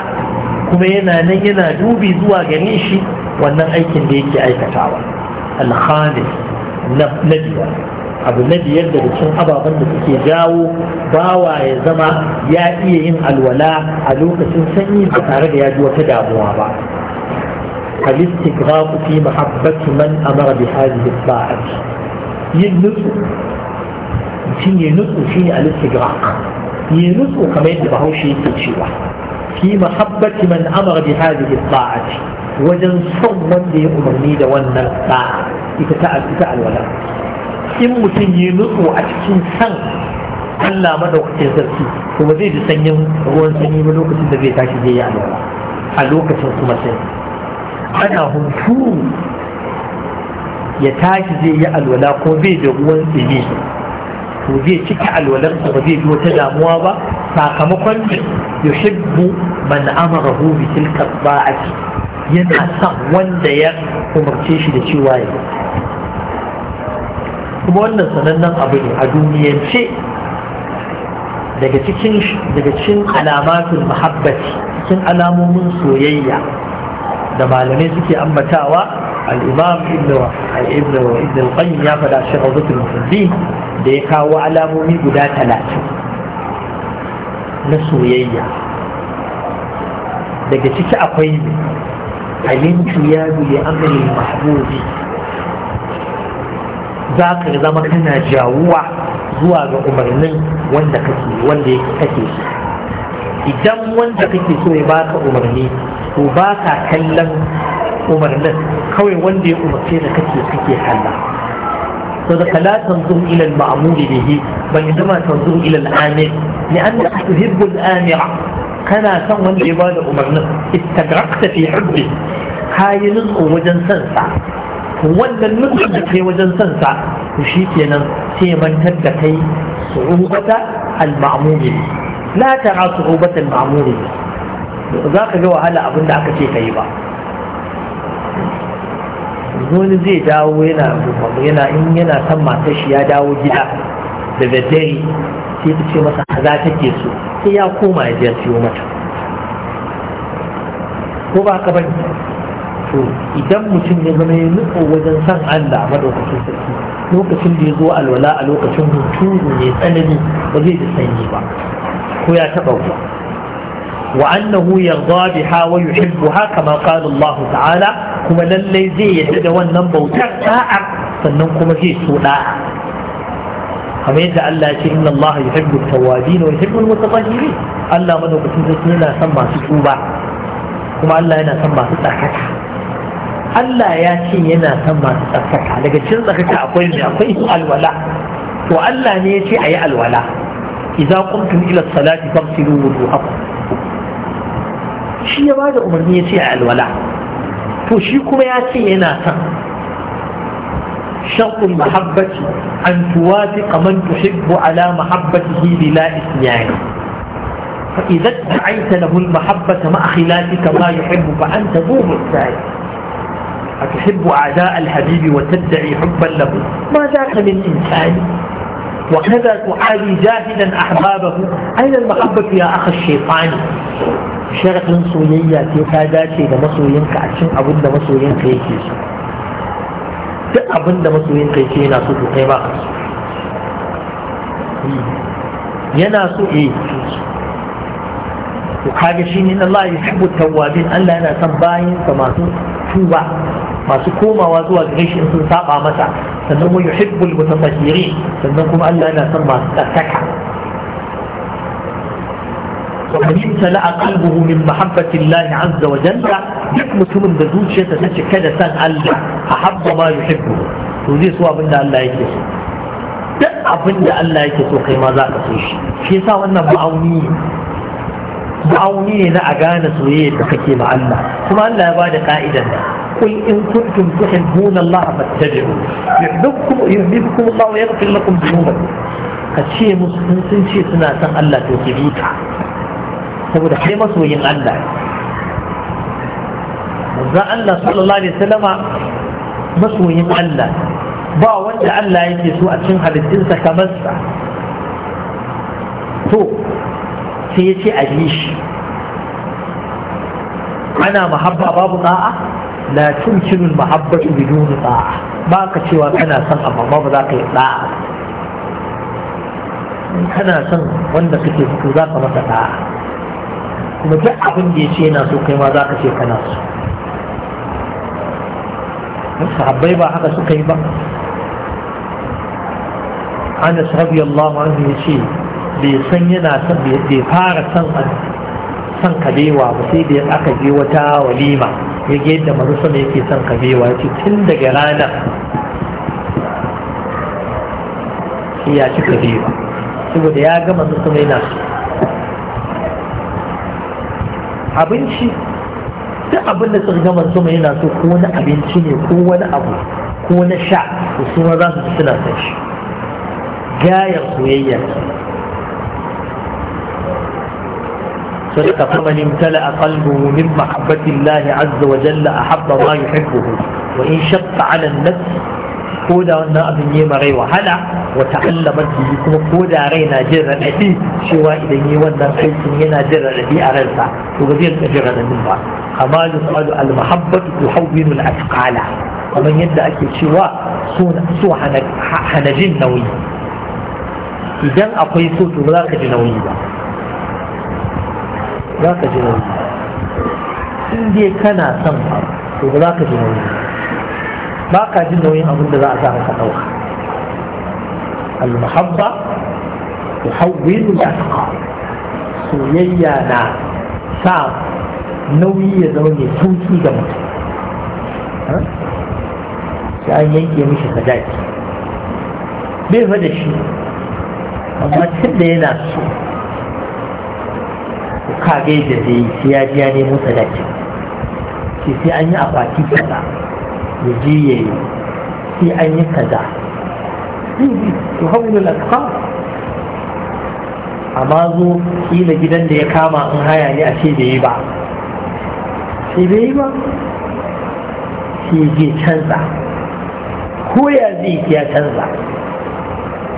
kuma yana nan yana dubi zuwa gare shi wannan aikin da yake aikatawa al-khamis na biyar abu na biyar daga cikin ababen da suke jawo bawa ya zama ya iya yin alwala a lokacin sanyi ba tare da ya ji wata damuwa ba الاستغراق في محبة من أمر بهذه الطاعة ينسو شين ينسو شين الاستغراق ينسو كما يدبه شيء تشيوه في محبة من أمر بهذه الطاعة وجن صوم من يؤمني دون الطاعة يتتأل الولاء in mutum yi nutsu a cikin san Allah madaukakin sarki kuma zai ji sanyin ruwan sanyi ba lokacin da zai tashi zai yi alwala a lokacin kuma sai ana hunturu ya tashi zai yi alwala ko zai da ruwan tsini to zai cika alwalarsa ba zai ji wata damuwa ba sakamakon ne yuhibbu man amara hu bi tilka ba'ati yana son wanda ya umarce shi da cewa ya kuma wannan sanannen abu ne a duniyance daga cikin daga cikin alamatul cikin alamomin soyayya da malamai suke ambatawa al-imam ibn ibn ibn al-qayyim ya fada shi rawdatul mufaddin da ya kawo alamomi guda talatin na soyayya daga ciki akwai alintu ya bi amrin mahbubi za ka zama kana jawuwa zuwa ga umarnin wanda kake wanda kake so idan wanda kake so ya baka umarni to ba ka kallon umarnin kawai wanda ya umarce da kake kake kalla to da kala tanzur ila al-ma'muli bihi ban zama tanzur ila al-amir li anna tuhibbu al-amira kana san wanda ya bada umarnin istagrakta fi hubbi kayi nutsu wajen sansa wannan nufin da kai wajen son sa to shi kenan sai mantar da kai su'ubata al-ma'muri la tara su'ubata al-ma'muri za ka ga wahala abin da aka ce ka yi ba wani zai dawo yana yana in yana san matar shi ya dawo gida da daddare sai ta ce masa kaza take so sai ya koma ya je siyo mata ko ba ka bane to idan mutum ya zama ya nutsa wajen san Allah madaukakin sarki lokacin da ya zo alwala a lokacin hunturu mai tsanani ba zai da sanyi ba ko ya taɓa ruwa wa annahu yarda biha wa yuhibbuha kama qala Allah ta'ala kuma lallai zai yarda da wannan bautar da'a sannan kuma zai so da'a kamar yadda Allah ya ce inna Allah yuhibbu at-tawwabin wa yuhibbu al-mutatahhirin Allah madaukakin sarki yana son masu tuba kuma Allah yana son masu tsakaka Allah ya ce yana son masu tsarkaka daga cikin tsarkaka akwai mai akwai alwala to Allah ne ya ce a yi alwala idza qumtum ila salati fagsilu wuduhakum shi ya bada umarni ya ce a alwala to shi kuma ya ce yana son شرط المحبة أن kamar من تحب على محبته بلا إثنان فإذا ادعيت له المحبة مع خلافك ما يحب فأنت ذو الثاني أتحب أعداء الحبيب وتدعي حبا له ما ذاك من إنسان وكذا تعادي جاهلا أحبابه أين المحبة يا أخ الشيطان شرق صوية في فادات إذا مصوين كأسن أبد مصوين كيكي أبد مصوين كيكي ناسو تقيمة يناسو إيه وكاجشين إن الله يحب التوابين أن لا نتنباين فما تنباين masu komawa zuwa gare shi sun saba masa sannan wa yuhibbul mutatahhirin sannan kuma Allah yana son masu tsaka ومن امتلأ قلبه من محبة الله عز وجل duk mutumin da zuciyarsa ta cika da san Allah a habba ma yuhibbu to zai so abinda da Allah yake so duk abinda da Allah yake so kai ma za ka so shi shi yasa wannan ma'auni ma'auni ne na a gane soyayya da kake ma Allah kuma Allah ya bada ka'idar nan قل إن كنتم تحبون الله فاتبعوا يحببكم يحببكم الله ويغفر لكم ذنوبكم كشيء مسلم شيء سنة سن الله توكيبيتا saboda kai masoyin Allah manzon Allah sallallahu alaihi wasallama masoyin Allah ba wanda Allah yake so a cikin halittinsa kamar sa to sai ya ce a bi shi ana mahabba babu da'a la tumkinu mahabbatu bidun da'a ba ka cewa kana son amma ba za ka yi da'a kana son wanda kake so za ka masa da'a kuma duk abin da ya ce yana so kai ma za ka ce kana so sahabbai ba haka suka yi ba anas radiyallahu anhu ya ce bai san yana son bai fara son san kabewa ba sai da aka je wata walima ya ga yadda manzo sama yake son kabewa ce tun daga rana shi ya ci kabewa saboda ya ga su sama yana abinci duk abin da suka gama sama yana so ko wani abinci ne ko wani abu ko na sha su suna za su suna son shi gayar soyayya الطريق فمن امتلأ قلبه من محبة الله عز وجل أحب ما يحبه وإن شق على النفس كودا أن أبن يمري وهلا وتعلمت بكم كودا رينا جرى الأبي شوى إذن يوانا حيث ينا جرى الأبي أرنسا وغزير جرى النبع أما يسأل المحبة تحول الأثقال ومن يدعي شوى سوى حنجين نوي إذن أقيسوا تبلاك جنوي بقى za ka ji nauyi in dai kana son to ba za ka ji nauyi ba ka ji nauyin abin da za a sa ka ɗauka al-mahabba tuhawwilu al-asqa soyayya na sa nauyi ya zama mai sauki ga mutum sai an yanke mishi sadaki bai fa da shi amma tun da yana so ɗauka gai da zai sai ya ji ya nemo sadaki Ke sai an yi akwati kaza ya je ya yi sai an yi kaza to hawilul asqam amma zo kila gidan da ya kama in haya ne a ce bai yi ba sai bai yi ba sai je canza ko ya zai ya canza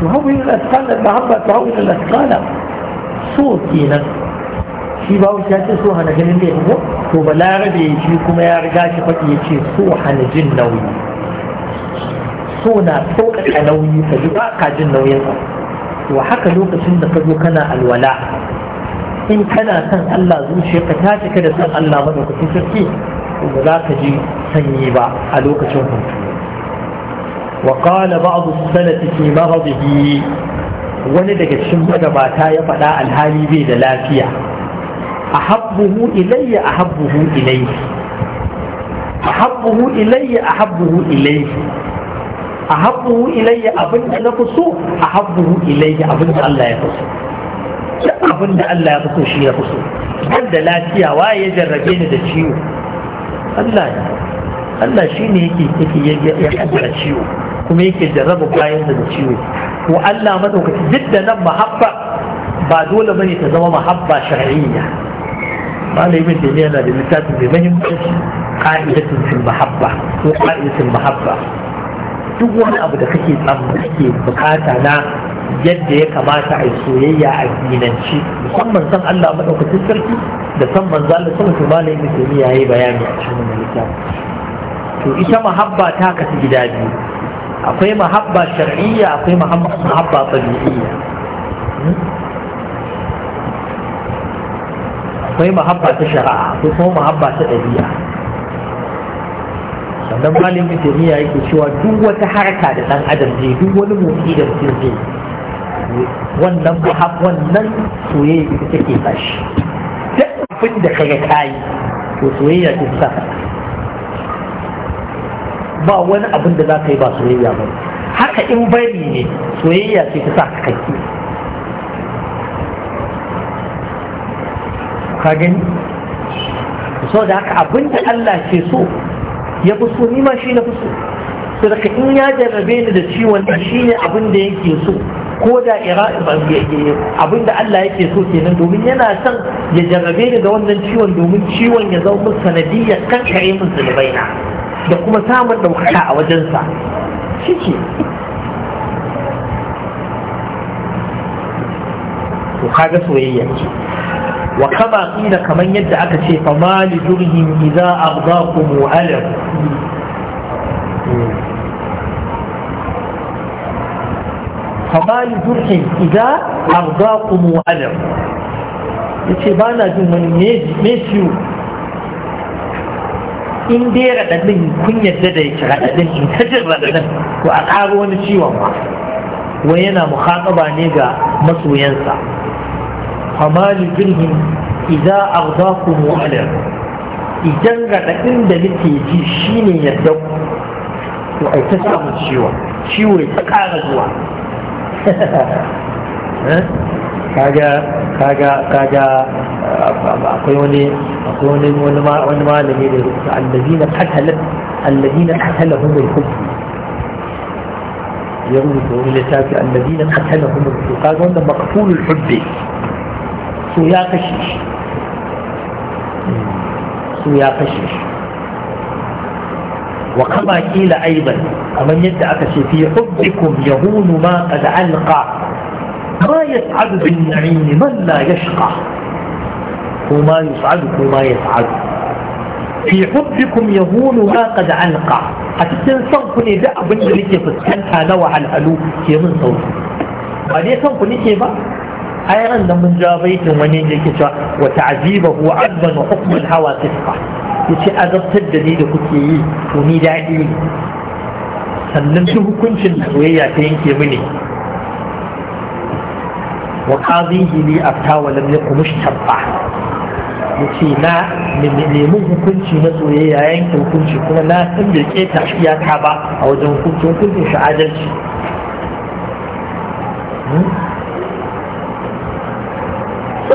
to hawilul asqam da ba hamba to hawilul asqam so kenan shi ba wuce ce so hana ganin ne ko to balarabe shi kuma ya riga shi faɗi ya ce so hana jin nauyi so na sauƙaƙa nauyi ka ji ba ka jin nauyin ka to haka lokacin da ka zo kana alwala in kana son Allah zuciyarka ta cika da son Allah madaukakin sarki ba za ka ji sanyi ba a lokacin hutu وقال بعض السنة في مرضه wani daga cikin magabata ya faɗa alhali bai da lafiya ahabbuhu ilayya ahabbuhu ilayhi ahabbuhu ilayya ahabbuhu ilayhi ahabbuhu ilayya abinda na fi so ahabbuhu ilayya abinda Allah ya fi so duk abinda Allah ya shi ya lafiya wa ya jarrabe ni da ciwo Allah Allah shi ne yake yake ya kaddara ciwo kuma yake jarraba bayan da ciwo ko Allah madaukaki duk da nan mahabba ba dole bane ta zama mahabba shar'iyya malamin da ne yana da littafin mai mahimmanci ka'idatin fil mahabba ko ka'idatin mahabba duk wani abu da kake tsamma kake bukata na yadda ya kamata a soyayya a dinanci musamman san Allah madaukakin sarki da san manzo Allah sama su malai musulmi yayi bayani a cikin wannan littafi to ita mahabba ta kasu gida biyu akwai mahabba shar'iyya akwai mahabba tabi'iyya hmm? akwai mahabba ta shari'a ko kuma mahabba ta ɗabi'a sannan malin mutumiya yake cewa duk wata harka da ɗan adam zai duk wani motsi da mutum zai wannan wannan soyayya ita take shi duk abin da kaga kayi to soyayya ta sa ba wani abin da za ka yi ba soyayya ba haka in bari ne soyayya ce ta sa ka kai ka gani so da haka abinda Allah ke so ya fi so nima shi na fi so so daga in ya jarrabe ni da ciwon da shi ne abinda yake so ko da abinda Allah yake so kenan domin yana son ya jarrabe ni da wannan ciwon domin ciwon ya zama sanadiyyar kankare min zunubai na da kuma samun ɗaukaka a wajensa shi ke to kaga soyayya ce wa kama kila kaman yadda aka ce fa mali durhim idza aghdaqum alam fa mali durhim idza aghdaqum alam yace ba na jin wani me ciwo in dai raɗaɗin kun yadda da yake raɗaɗin in ta jin raɗaɗin to a ƙaro wani ciwon ba wai yana muhaƙaba ne ga masoyansa فما لديهم إذا أغضاكم وألم إذن رأيين دلتي في شيني يدو وأي تسعب الشيوة شيوة تقار جوا kaga kaga kaga akwai wani akwai wani wani malami da rubuta allazina qatalat allazina qatalahum al-hubb ya rubuta wani littafi allazina qatalahum al-hubb kaga wannan maqtul al-hubb سياق الشيش سياق الشيش وكما قيل ايضا ومن يدعى في حبكم يهون ما قد علقى ما يسعد بالنعيم من لا يشقى وما يسعد وما يسعد في حبكم يهون ما قد علقى حتى تنصنفني دعوه لكي تتكلم على الالوف في من صوتي ما ليه تنصنفني ai ran da mun ja baitin wani ne yake cewa wa ta'zibahu azban wa hukm al-hawa tisqa yace azabtar da ni da kuke yi to ni daɗi sannan duk hukuncin da soyayya ta yanke mini wa qadhihi li afta wa lam yakun mushtabba yace na nemin hukunci na soyayya yanke hukunci kuma na san bai keta iyaka ba a wajen hukunci hukuncin shi adalci hmm?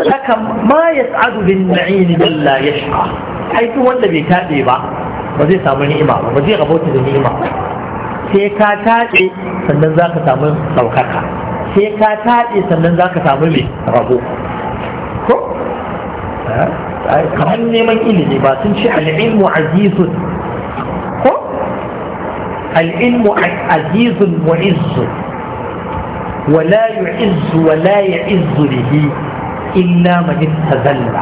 haka ma ya tsadu bin na'ini billa ya sha aiki wanda bai taɗe ba ba zai samu ni'ima ba ba zai rabauta da ni'ima sai ka taɗe sannan za ka samu ɗaukaka sai ka taɗe sannan za ka samu mai rabo ko kamar neman ilimi ba sun ce al'ilmu azizun ko al'ilmu azizun wa izzu ولا يعز ولا يعز به إلا من تذلل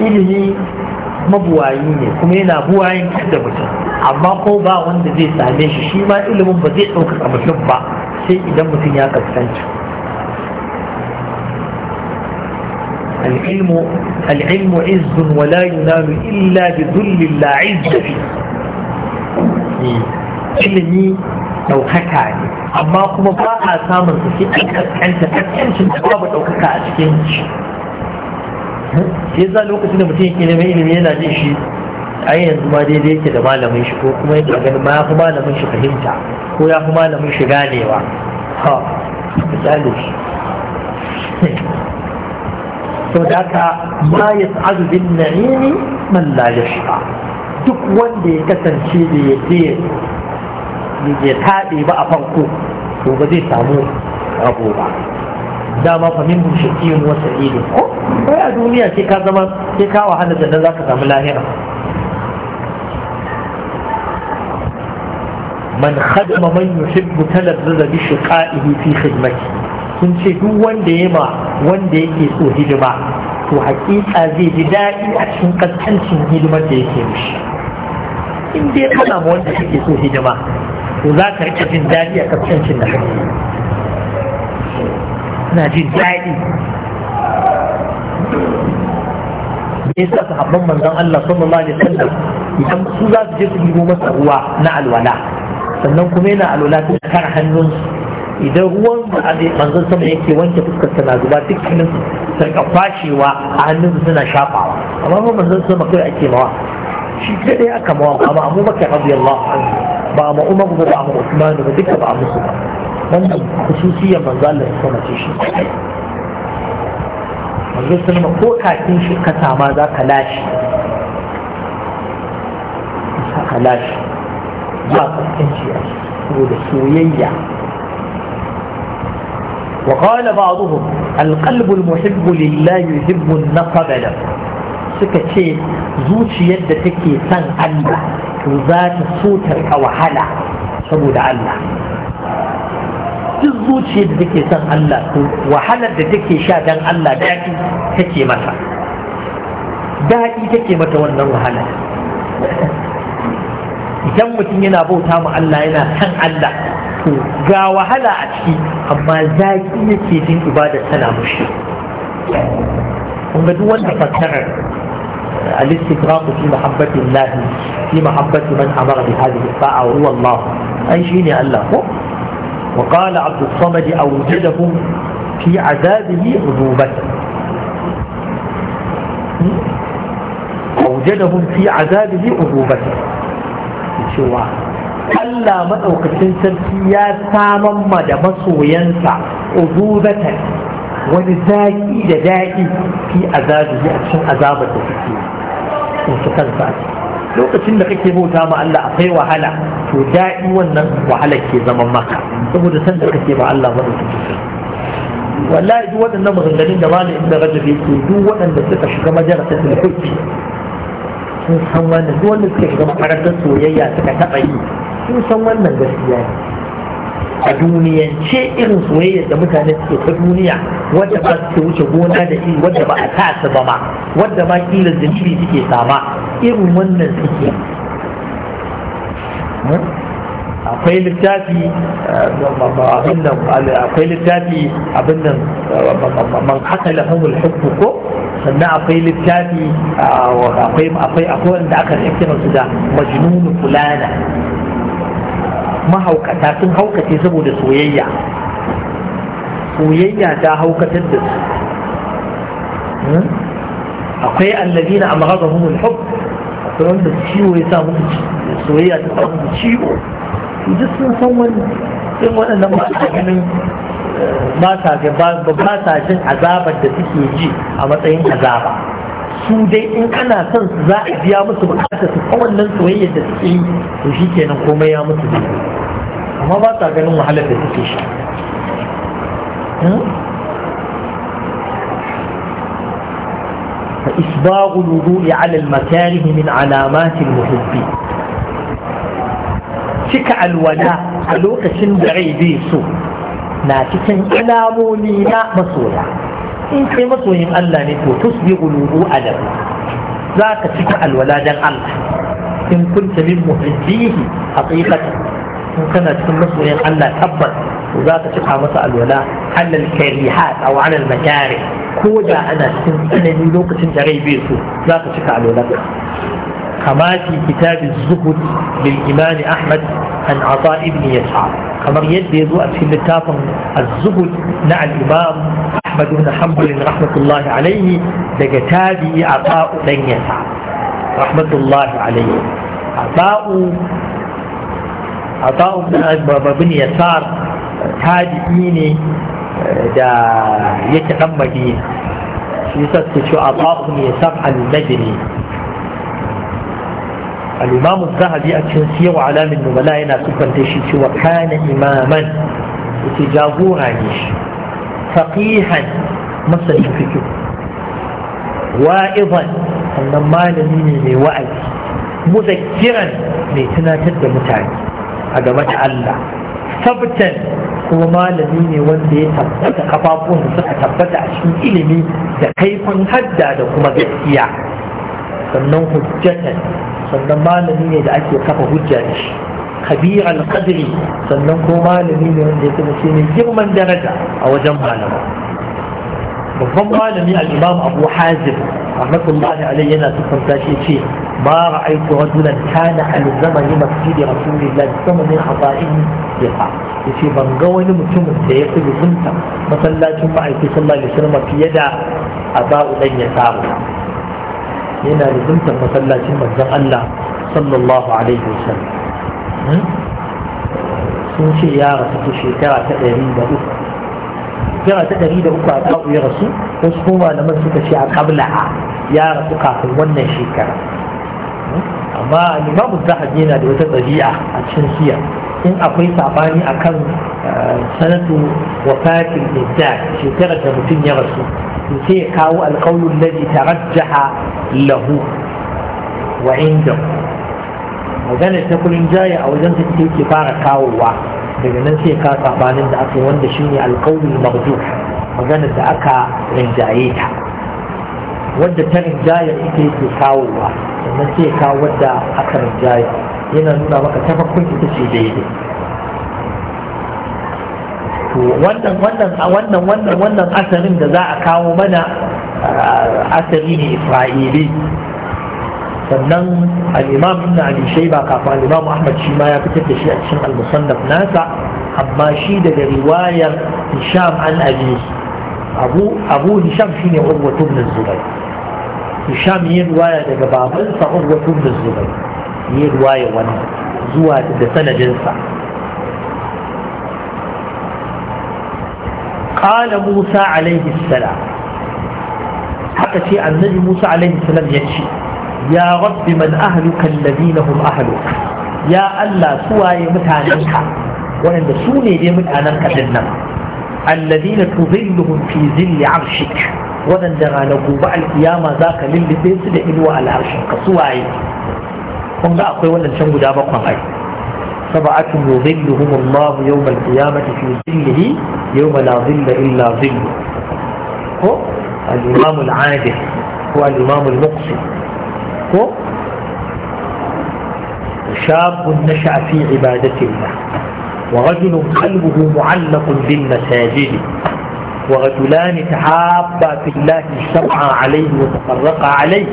إلهي مبوعين كمينا بوعين كده مثلا أما هو با وند زي سالمش شيء ما إلا من بزيء أو كم شوف دم شيء إذا العلم العلم عز ولا ينال إلا بذل الله عز فيه علمي ɗaukaka ne amma kuma ba a samun su sai an kaskanta kaskancin da babu ɗaukaka a cikin shi sai za lokacin da mutum yake neman ilimi yana jin shi a yanzu ma daidai yake da malamin shi ko kuma yake ganin ma ya fi malamin shi fahimta ko ya fi malamin shi ganewa ha misali Sau da ka ma ya sa'adu bin na'imi man la yashqa duk wanda ya kasance da ya je ya taɗe ba a farko to ba zai samu rabo ba dama fa min yin wasa sa'idin ko kai a duniya sai ka zama sai ka wahala da nan zaka samu lahira man khadama man yuhibbu talazzaza bi shiqa'ihi fi khidmati sun ce duk wanda ya ma wanda yake so hidima to hakika zai ji daɗi a cikin kaskancin hidimar da yake mishi in dai kana ma wanda kake so hidima to za ka rike jin daɗi a kaskancin da kake na jin daɗi ya sa su sahabban manzon Allah sallallahu alaihi wasallam idan su za su je su nemo masa ruwa na alwala sannan kuma yana alwala ta kar hannunsu idan ruwan a zai manzon sama yake wanke fuskar na zuba duk dukkanin sarka kwashewa a hannunsu suna shafawa amma manzon sama kai ake mawa shi kadai aka mawa amma Abu Bakar radiyallahu anhu ba ma umar ba ba ma usman ba duka ba musu ba wannan khususiyar manzo Allah ya sama ce shi manzo sanar ko kafin shi ka sama za ka lashi za ka lashi ba kaskanci a saboda soyayya وقال بعضهم القلب المحب لله يحب النقب له suka ce zuciyar da take son Allah to za ta so ka wahala saboda Allah duk zuciyar da take son Allah to wahalar da take sha dan Allah daɗi take mata daɗi take mata wannan wahala idan mutum yana bauta ma Allah yana san Allah to ga wahala a ciki amma zaƙi yake jin ibada tana mushi kun ga duk wanda fassarar الاستغراق في محبة الله في محبة من أمر بهذه الطاعة وهو الله أي شيء الله وقال عبد الصمد أوجدهم في عذابه عذوبة أوجدهم في عذابه عذوبة شو Allah maɗaukacin sarki في يا ma da masoyansa عذوبة wani zaƙi da daɗi fi azabihi a cikin azabar da suke in su kansa lokacin da kake bauta ma Allah akwai wahala to daɗi wannan wahala ke zaman maka saboda san da kake ba Allah wani sosai wallahi duk waɗannan maganganun da malamin da rajab yake duk waɗanda suka shiga majarasa tulhuki sun san wannan duk wanda suka shiga makarantar soyayya suka taɓa yi sun san wannan gaskiya ne a duniyance irin soyayyar da mutane suke ta duniya wadda ba su wuce gona da iri wadda ba a ta su ba ma wadda ma kila zunubi suke sama irin wannan suke hmm? akwai littafi abin akwai littafi abin nan man haka lahumul hukku ko sannan akwai littafi akwai akwai akwai wanda aka kira su da majnunu fulana mahaukata sun haukace saboda soyayya soyayya ta haukatar da su hmm? akwai allazina amghadahum al-hub akwai wanda ciwo ya sa musu soyayya ta sa musu ciwo su duk sun san wani waɗannan ba ganin eh, ba sa ba sa jin azabar da suke ji a matsayin azaba su dai in kana son su za a biya musu bukatar su ta wannan soyayyar da suke yi to kenan komai ya mutu musu amma ba sa ganin wahalar da suke sha فإسباغ الوضوء على المكاره من علامات المحبين cika alwala a lokacin da rai bai so na cikin alamomi na masoya in kai masoyin Allah ne to tusbi gulubu adam za ka cika alwala dan Allah in kunta min muhibbihi haqiqatan in kana cikin masoyin Allah tabbas za ka cika masa alwala halal karihat a alal majari ko da ana cikin tsanani lokacin da rai bai so za ka cika alwala kama fi kitabiz zuhud bil imam ahmad an ata ibn yasa kamar yadda yazo a cikin littafin az-zuhud na al-imam ahmad ibn hanbal rahmatullah alayhi daga tabi'i ata dan yasa عطاء بن أجبر بن دا يتقم دين يسد شو المدني الإمام الذهبي أكشن سيو على من نملاينا سكن تشي شو كان إماما يتجاوه عنيش فقيها مصر يفكر وائضا أن ما لمني وائد مذكرا لتناتد متعدد a game da Allah sabtan kuma malami ne wanda ya tabbata kafafun da suka tabbata a cikin ilimi da kaifin hadda da kuma gaskiya sannan hujjatan sannan malami ne da ake kafa hujja da shi kabir al-qadri sannan ko malami ne wanda ya shi ne girman daraja a wajen malama babban malami al-imam abu hazim rahmatullahi alayhi yana tukunta shi ce ما رأيت رجلا كان ألزمني مسجد رسول الله زمن عطائه يقع yace ban ga wani mutumin da ya fi zumunta masallacin ma'aiki sallallahu alaihi wasallam fiye da aba'u dan ya samu yana da zuntar masallacin manzon Allah sallallahu alaihi wasallam sun ce ya rasu ta shekara ta ɗari da uku shekara ta ɗari da uku a ta'u ya rasu wasu kuma malaman suka ce a kabla ya rasu kafin wannan shekara amma al-imam zahabi yana da wata ɗabi'a a cikin siya in akwai sabani akan eh, sanatu wafatin ibda shekarar da mutum ya rasu sai ya kawo alƙawlun ta tarajjaha lahu wa inda maganar ta kullun jaya a wajen ta ke fara kawowa daga nan sai ka sabanin da aka wanda shine alƙawlul maghduh maganar da aka rinjaye ta wadda ta rinjaya ita yake kawowa sannan sai kawo wadda aka rinjaya yana nuna maka tafakkun ita ce daidai to wannan wannan wannan wannan wannan asarin da za a kawo mana uh, asali ne isra'ili sannan al'imam ibn abi shaiba kafin al'imam ahmad shi ma ya fitar da shi a cikin al-musannaf nasa amma shi daga riwayar hisham an abi abu abu hisham shine urwatu ibn zubair hisham yi ruwaya daga baban sa'ud wa tun da zubai yi ruwaya wani zuwa da sanadinsa قال موسى عليه السلام حتى شيء النبي موسى عليه السلام يشي يا رب من أهلك الذين هم أهلك يا الله سواي متعنك وأن سوني دي متعنك لنا الذين تظلهم في ظل عرشك waɗanda ranaku ba alkiyama za ka lullube su da inuwa alharshen ka suwaye kun ga akwai waɗancan guda bakwan ai sab'atun yudhilluhum Allah yawm al-qiyamati fi dhillihi yawm la dhilla illa dhillu ko al-imam al-adil ko al-imam al-muqsim ko شاب نشأ في عبادة الله ورجل قلبه معلق بالمساجد ورجلان تحابا في الله اجتمعا عليه وتفرقا عليه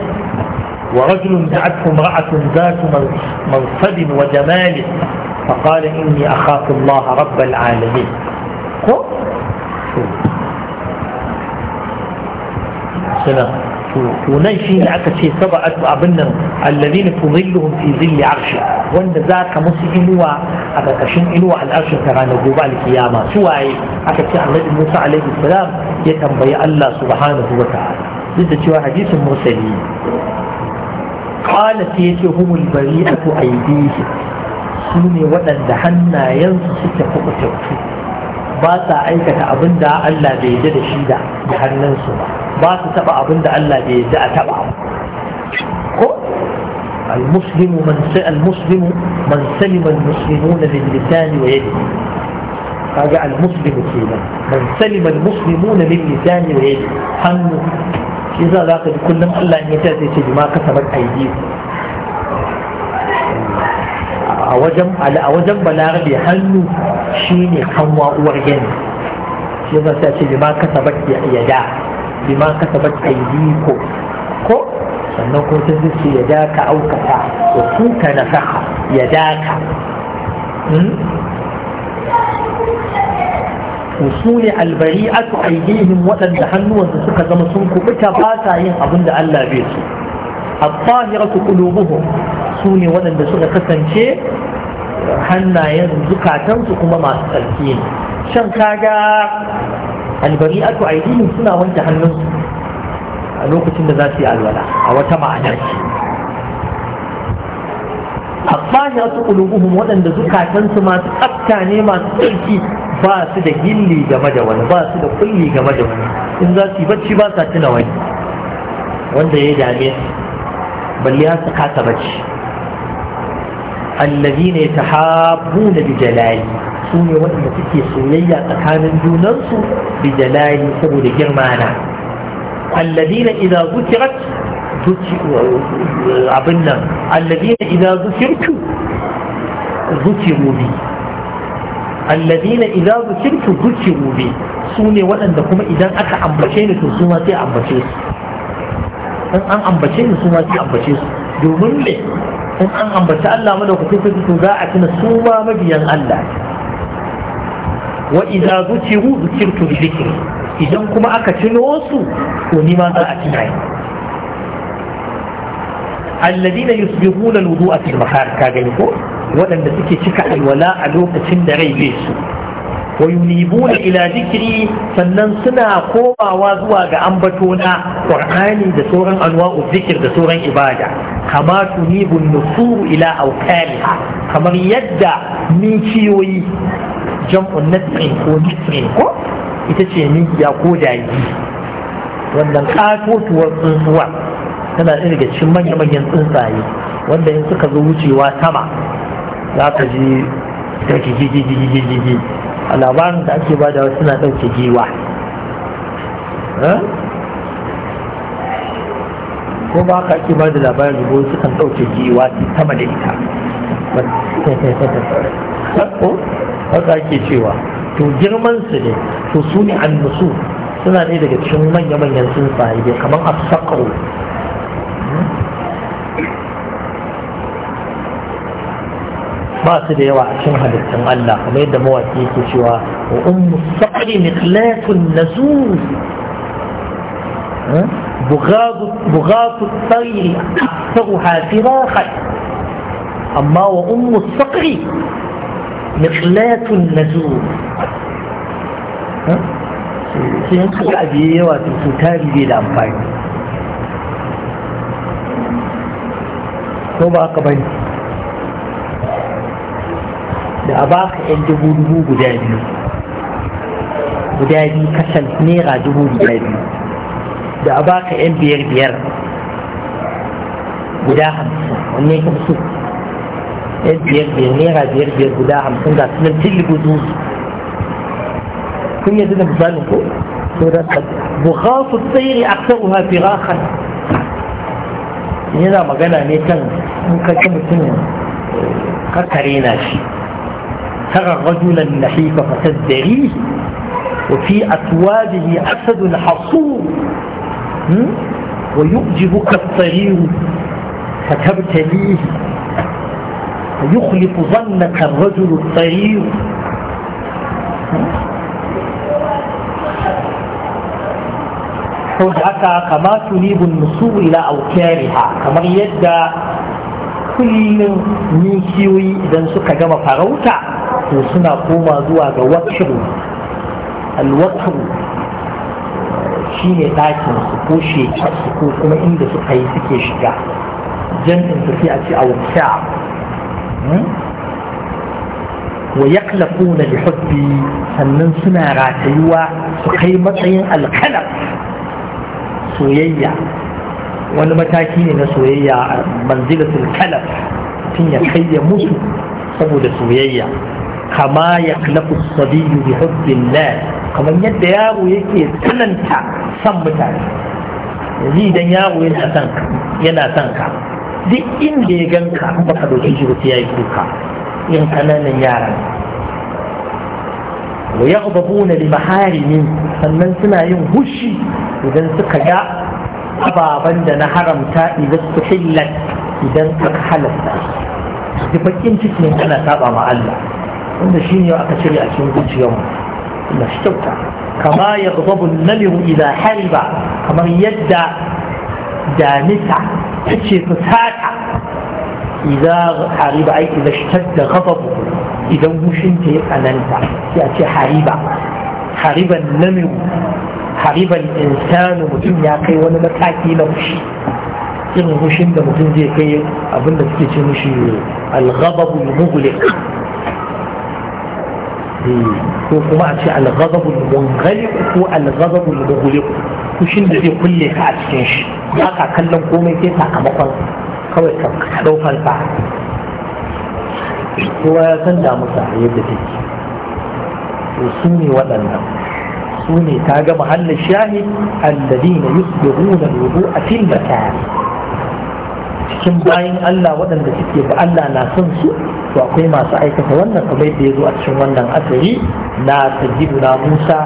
ورجل دعته امرأة ذات منصب وجمال فقال إني أخاف الله رب العالمين سلام to nan shi ne aka ce saba abin nan allazina tuzilluhum fi zilli arshi wanda za ka musu inuwa a ƙarƙashin inuwa al'arshin ta ranar gobe alkiyama su waye aka ce annabi Musa alaihi salam ya tambayi Allah subhanahu wa ta'ala duk da cewa hadisin mursali qala sai yace humul bari'atu aydihi su ne waɗanda hannayensu suke kuɓutattu ba sa aikata abin da Allah bai yarda da shi da hannunsu ba ba su taba abin da Allah bai yarda a taba ko المسلم من المسلم من سلم المسلمون من لسان ويده هذا المسلم كينا من سلم المسلمون من لسان ويده حن إذا ذاك كل الله أن يتأتي بما كسبت أيديكم a wajen balarabe hannu shine kanwa uwar gani shi zai ce bi ma kasa baki ya da bima kasabat aydikum ko sannan ko zai ce ya daka aukata wa kuka na saha ya daka hmm? usuli albari'atu aidihim waɗanda hannuwansu suka zama sun kubuta ba sa yin abin da Allah bai su at-tahiratu qulubuhum su ne waɗanda suka kasance hannayen zukatansu kuma masu tsarki ne shan kaga albari aku aidihim suna wanke hannunsu a lokacin da za su yi alwala a wata ma'ana ce abbani su kulubuhum waɗanda zukatansu masu tsafta ne masu tsarki ba su da gilli game da wani ba su da kulli game da wani in za su yi bacci ba sa tuna wani wanda ya dame balle har su kasa bacci allazina yatahabbuna bi su ne waɗanda suke soyayya tsakanin junansu bi jalali saboda girmana alladina idza zukirat abin nan alladina idza zukirtu zukiru bi alladina idza zukirtu zukiru bi su ne waɗanda kuma idan aka ambace ni to su ma sai ambace su in an ambace ni su ma sai ambace su domin me in an ambaci Allah madaukakin sarki to za a tuna su ma mabiyan Allah wa idza zukiru zukirtu bi idan kuma aka tuno su to ni ma za a tuna ni alladina yusbihuna alwudu'a fil mahar ka gani ko waɗanda suke cika alwala a lokacin da rai bai su wa yunibuna ila dhikri sannan suna komawa zuwa ga ambatona qur'ani da sauran anwa'u dhikr da sauran ibada kama tunibu nusuru ila awqaliha kamar yadda mikiyoyi jam'un nat'in ko nat'in ko ita ce mikiya ko daji wannan katotuwar tsuntsuwa tana ɗaya daga cikin manya-manyan tsuntsaye wanda in suka zo wucewa sama za ka ji ɗauke gigigigigigi a labarin da ake ba da suna ɗauke giwa eh? ko ba ka ake ba da labarin da kan ɗauke giwa sama da ita [laughs] haka ake cewa to girman su ne to su ne an annusu suna ne daga cikin manya-manyan sun tsuntsaye da kamar asakaro ba su da yawa a cikin halittun Allah kamar yadda mawaki yake cewa wa ummu saqri miqlatun nazuz بغاض بغاض الطير أكثرها فراخا أما وأم الصقر م خ ل ا ت النزول في ن ص ا ل أ ب ي ه وفي الكتاب ب ا ل أ ن ف ا ل هو باقي بني ل أ ب ا ق ي ان تبوده بدايه بدايه كسل نيره تبوده بدايه ل أ ب ا ق ي ان بير بير بدايه ونيكب سوق yan biyar biyar naira biyar biyar guda hamsin ga sunan tillibu dusu kun yanzu da misalin ko to da bukhasu tsairi aksaruha firakan yana magana ne kan in ka ci mutumin kakare na shi ترى الرجل نحيف فتزدريه وفي أكوابه أسد حصور ويؤجبك الطريق فتبتليه يخلف ظنك الرجل الطيب ko da haka kama tunibin musu ila aukariha kamar yadda kullum nukiyoyi idan suka gama farauta to suna koma zuwa ga wakiru alwakiru shi ne ɗakin su ko shekar su ko kuma inda suka yi suke shiga jan su sai a ce a wakiru Hmm? wa yaklafuna li sannan suna ratayuwa su kai matsayin alkalam soyayya wani mataki ne na soyayya a manzilatul kalaf tun ya kai ya musu saboda soyayya kama ya klafu sabiyu bi hubbillah kamar yadda yaro yake tsananta son mutane yanzu idan yaro yana son ka duk inda ya ganka ba ka doki shi sai ya yi kuka in kananan yaran wa ya na limaharimi sannan suna yin hushi idan suka ga ababan da na haramta idan su hillat idan aka halasta. su bakin cikin ana saba ma Allah wanda shi ne aka shirya a cikin zuciyarmu na shi kama ya gababun namiru idan hariba kamar yadda damisa حتشي فساحة إذا حريبة أي إذا اشتد غضبه إذا مش أنت أنت يأتي حريبة حريبة النمو حريبة الإنسان مجمع كي ولا متاكي لمشي إن مش أنت مجمع كي أبنى تكي مشي الغضب المغلق هو كما أتي الغضب المنغلق هو الغضب المغلق مش أنت كل حاجة ba ka kallon komai sai sakamakon kawai ka ɗaukar ka kowa ya san damusa a yadda take to su ne waɗannan su ne ta ga mahallin shahi alladina yusbiruna al-wudu'a fil a cikin cikin bayan Allah waɗanda suke ba Allah na son su to akwai masu aikata wannan kamar da ya zo a cikin wannan asali na sajiduna Musa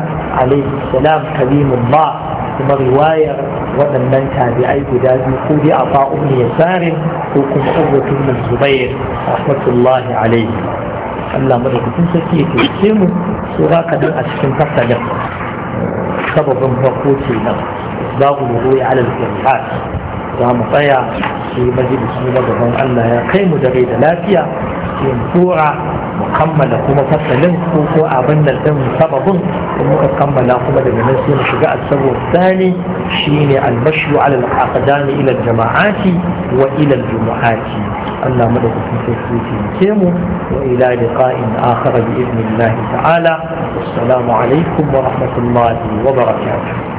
alaihi salam kalimullah kuma riwayar waɗannan tabi'ai guda biyu ko dai a fa'un ya ko kuma ubbatun nan zubair rahmatullahi alaihi Allah madaukakin sarki ya taimake mu so za ka a cikin fasalin sababin farko ce nan za ku mu ya alal jami'at za mu tsaya su yi majalisi na gaban Allah ya kai mu da rai da lafiya sai mu tura mu kammala kuma fasalin ko ko abin da ɗin sababin in muka kammala kuma daga nan sai mu shiga asabu tsani shine almashu ala alaqdami ila jama'ati wa ila aljumu'ati Allah madaukakin sarki ya taimake mu wa ila liqa'in akhar bi idnillah ta'ala assalamu alaikum wa rahmatullahi wa barakatuh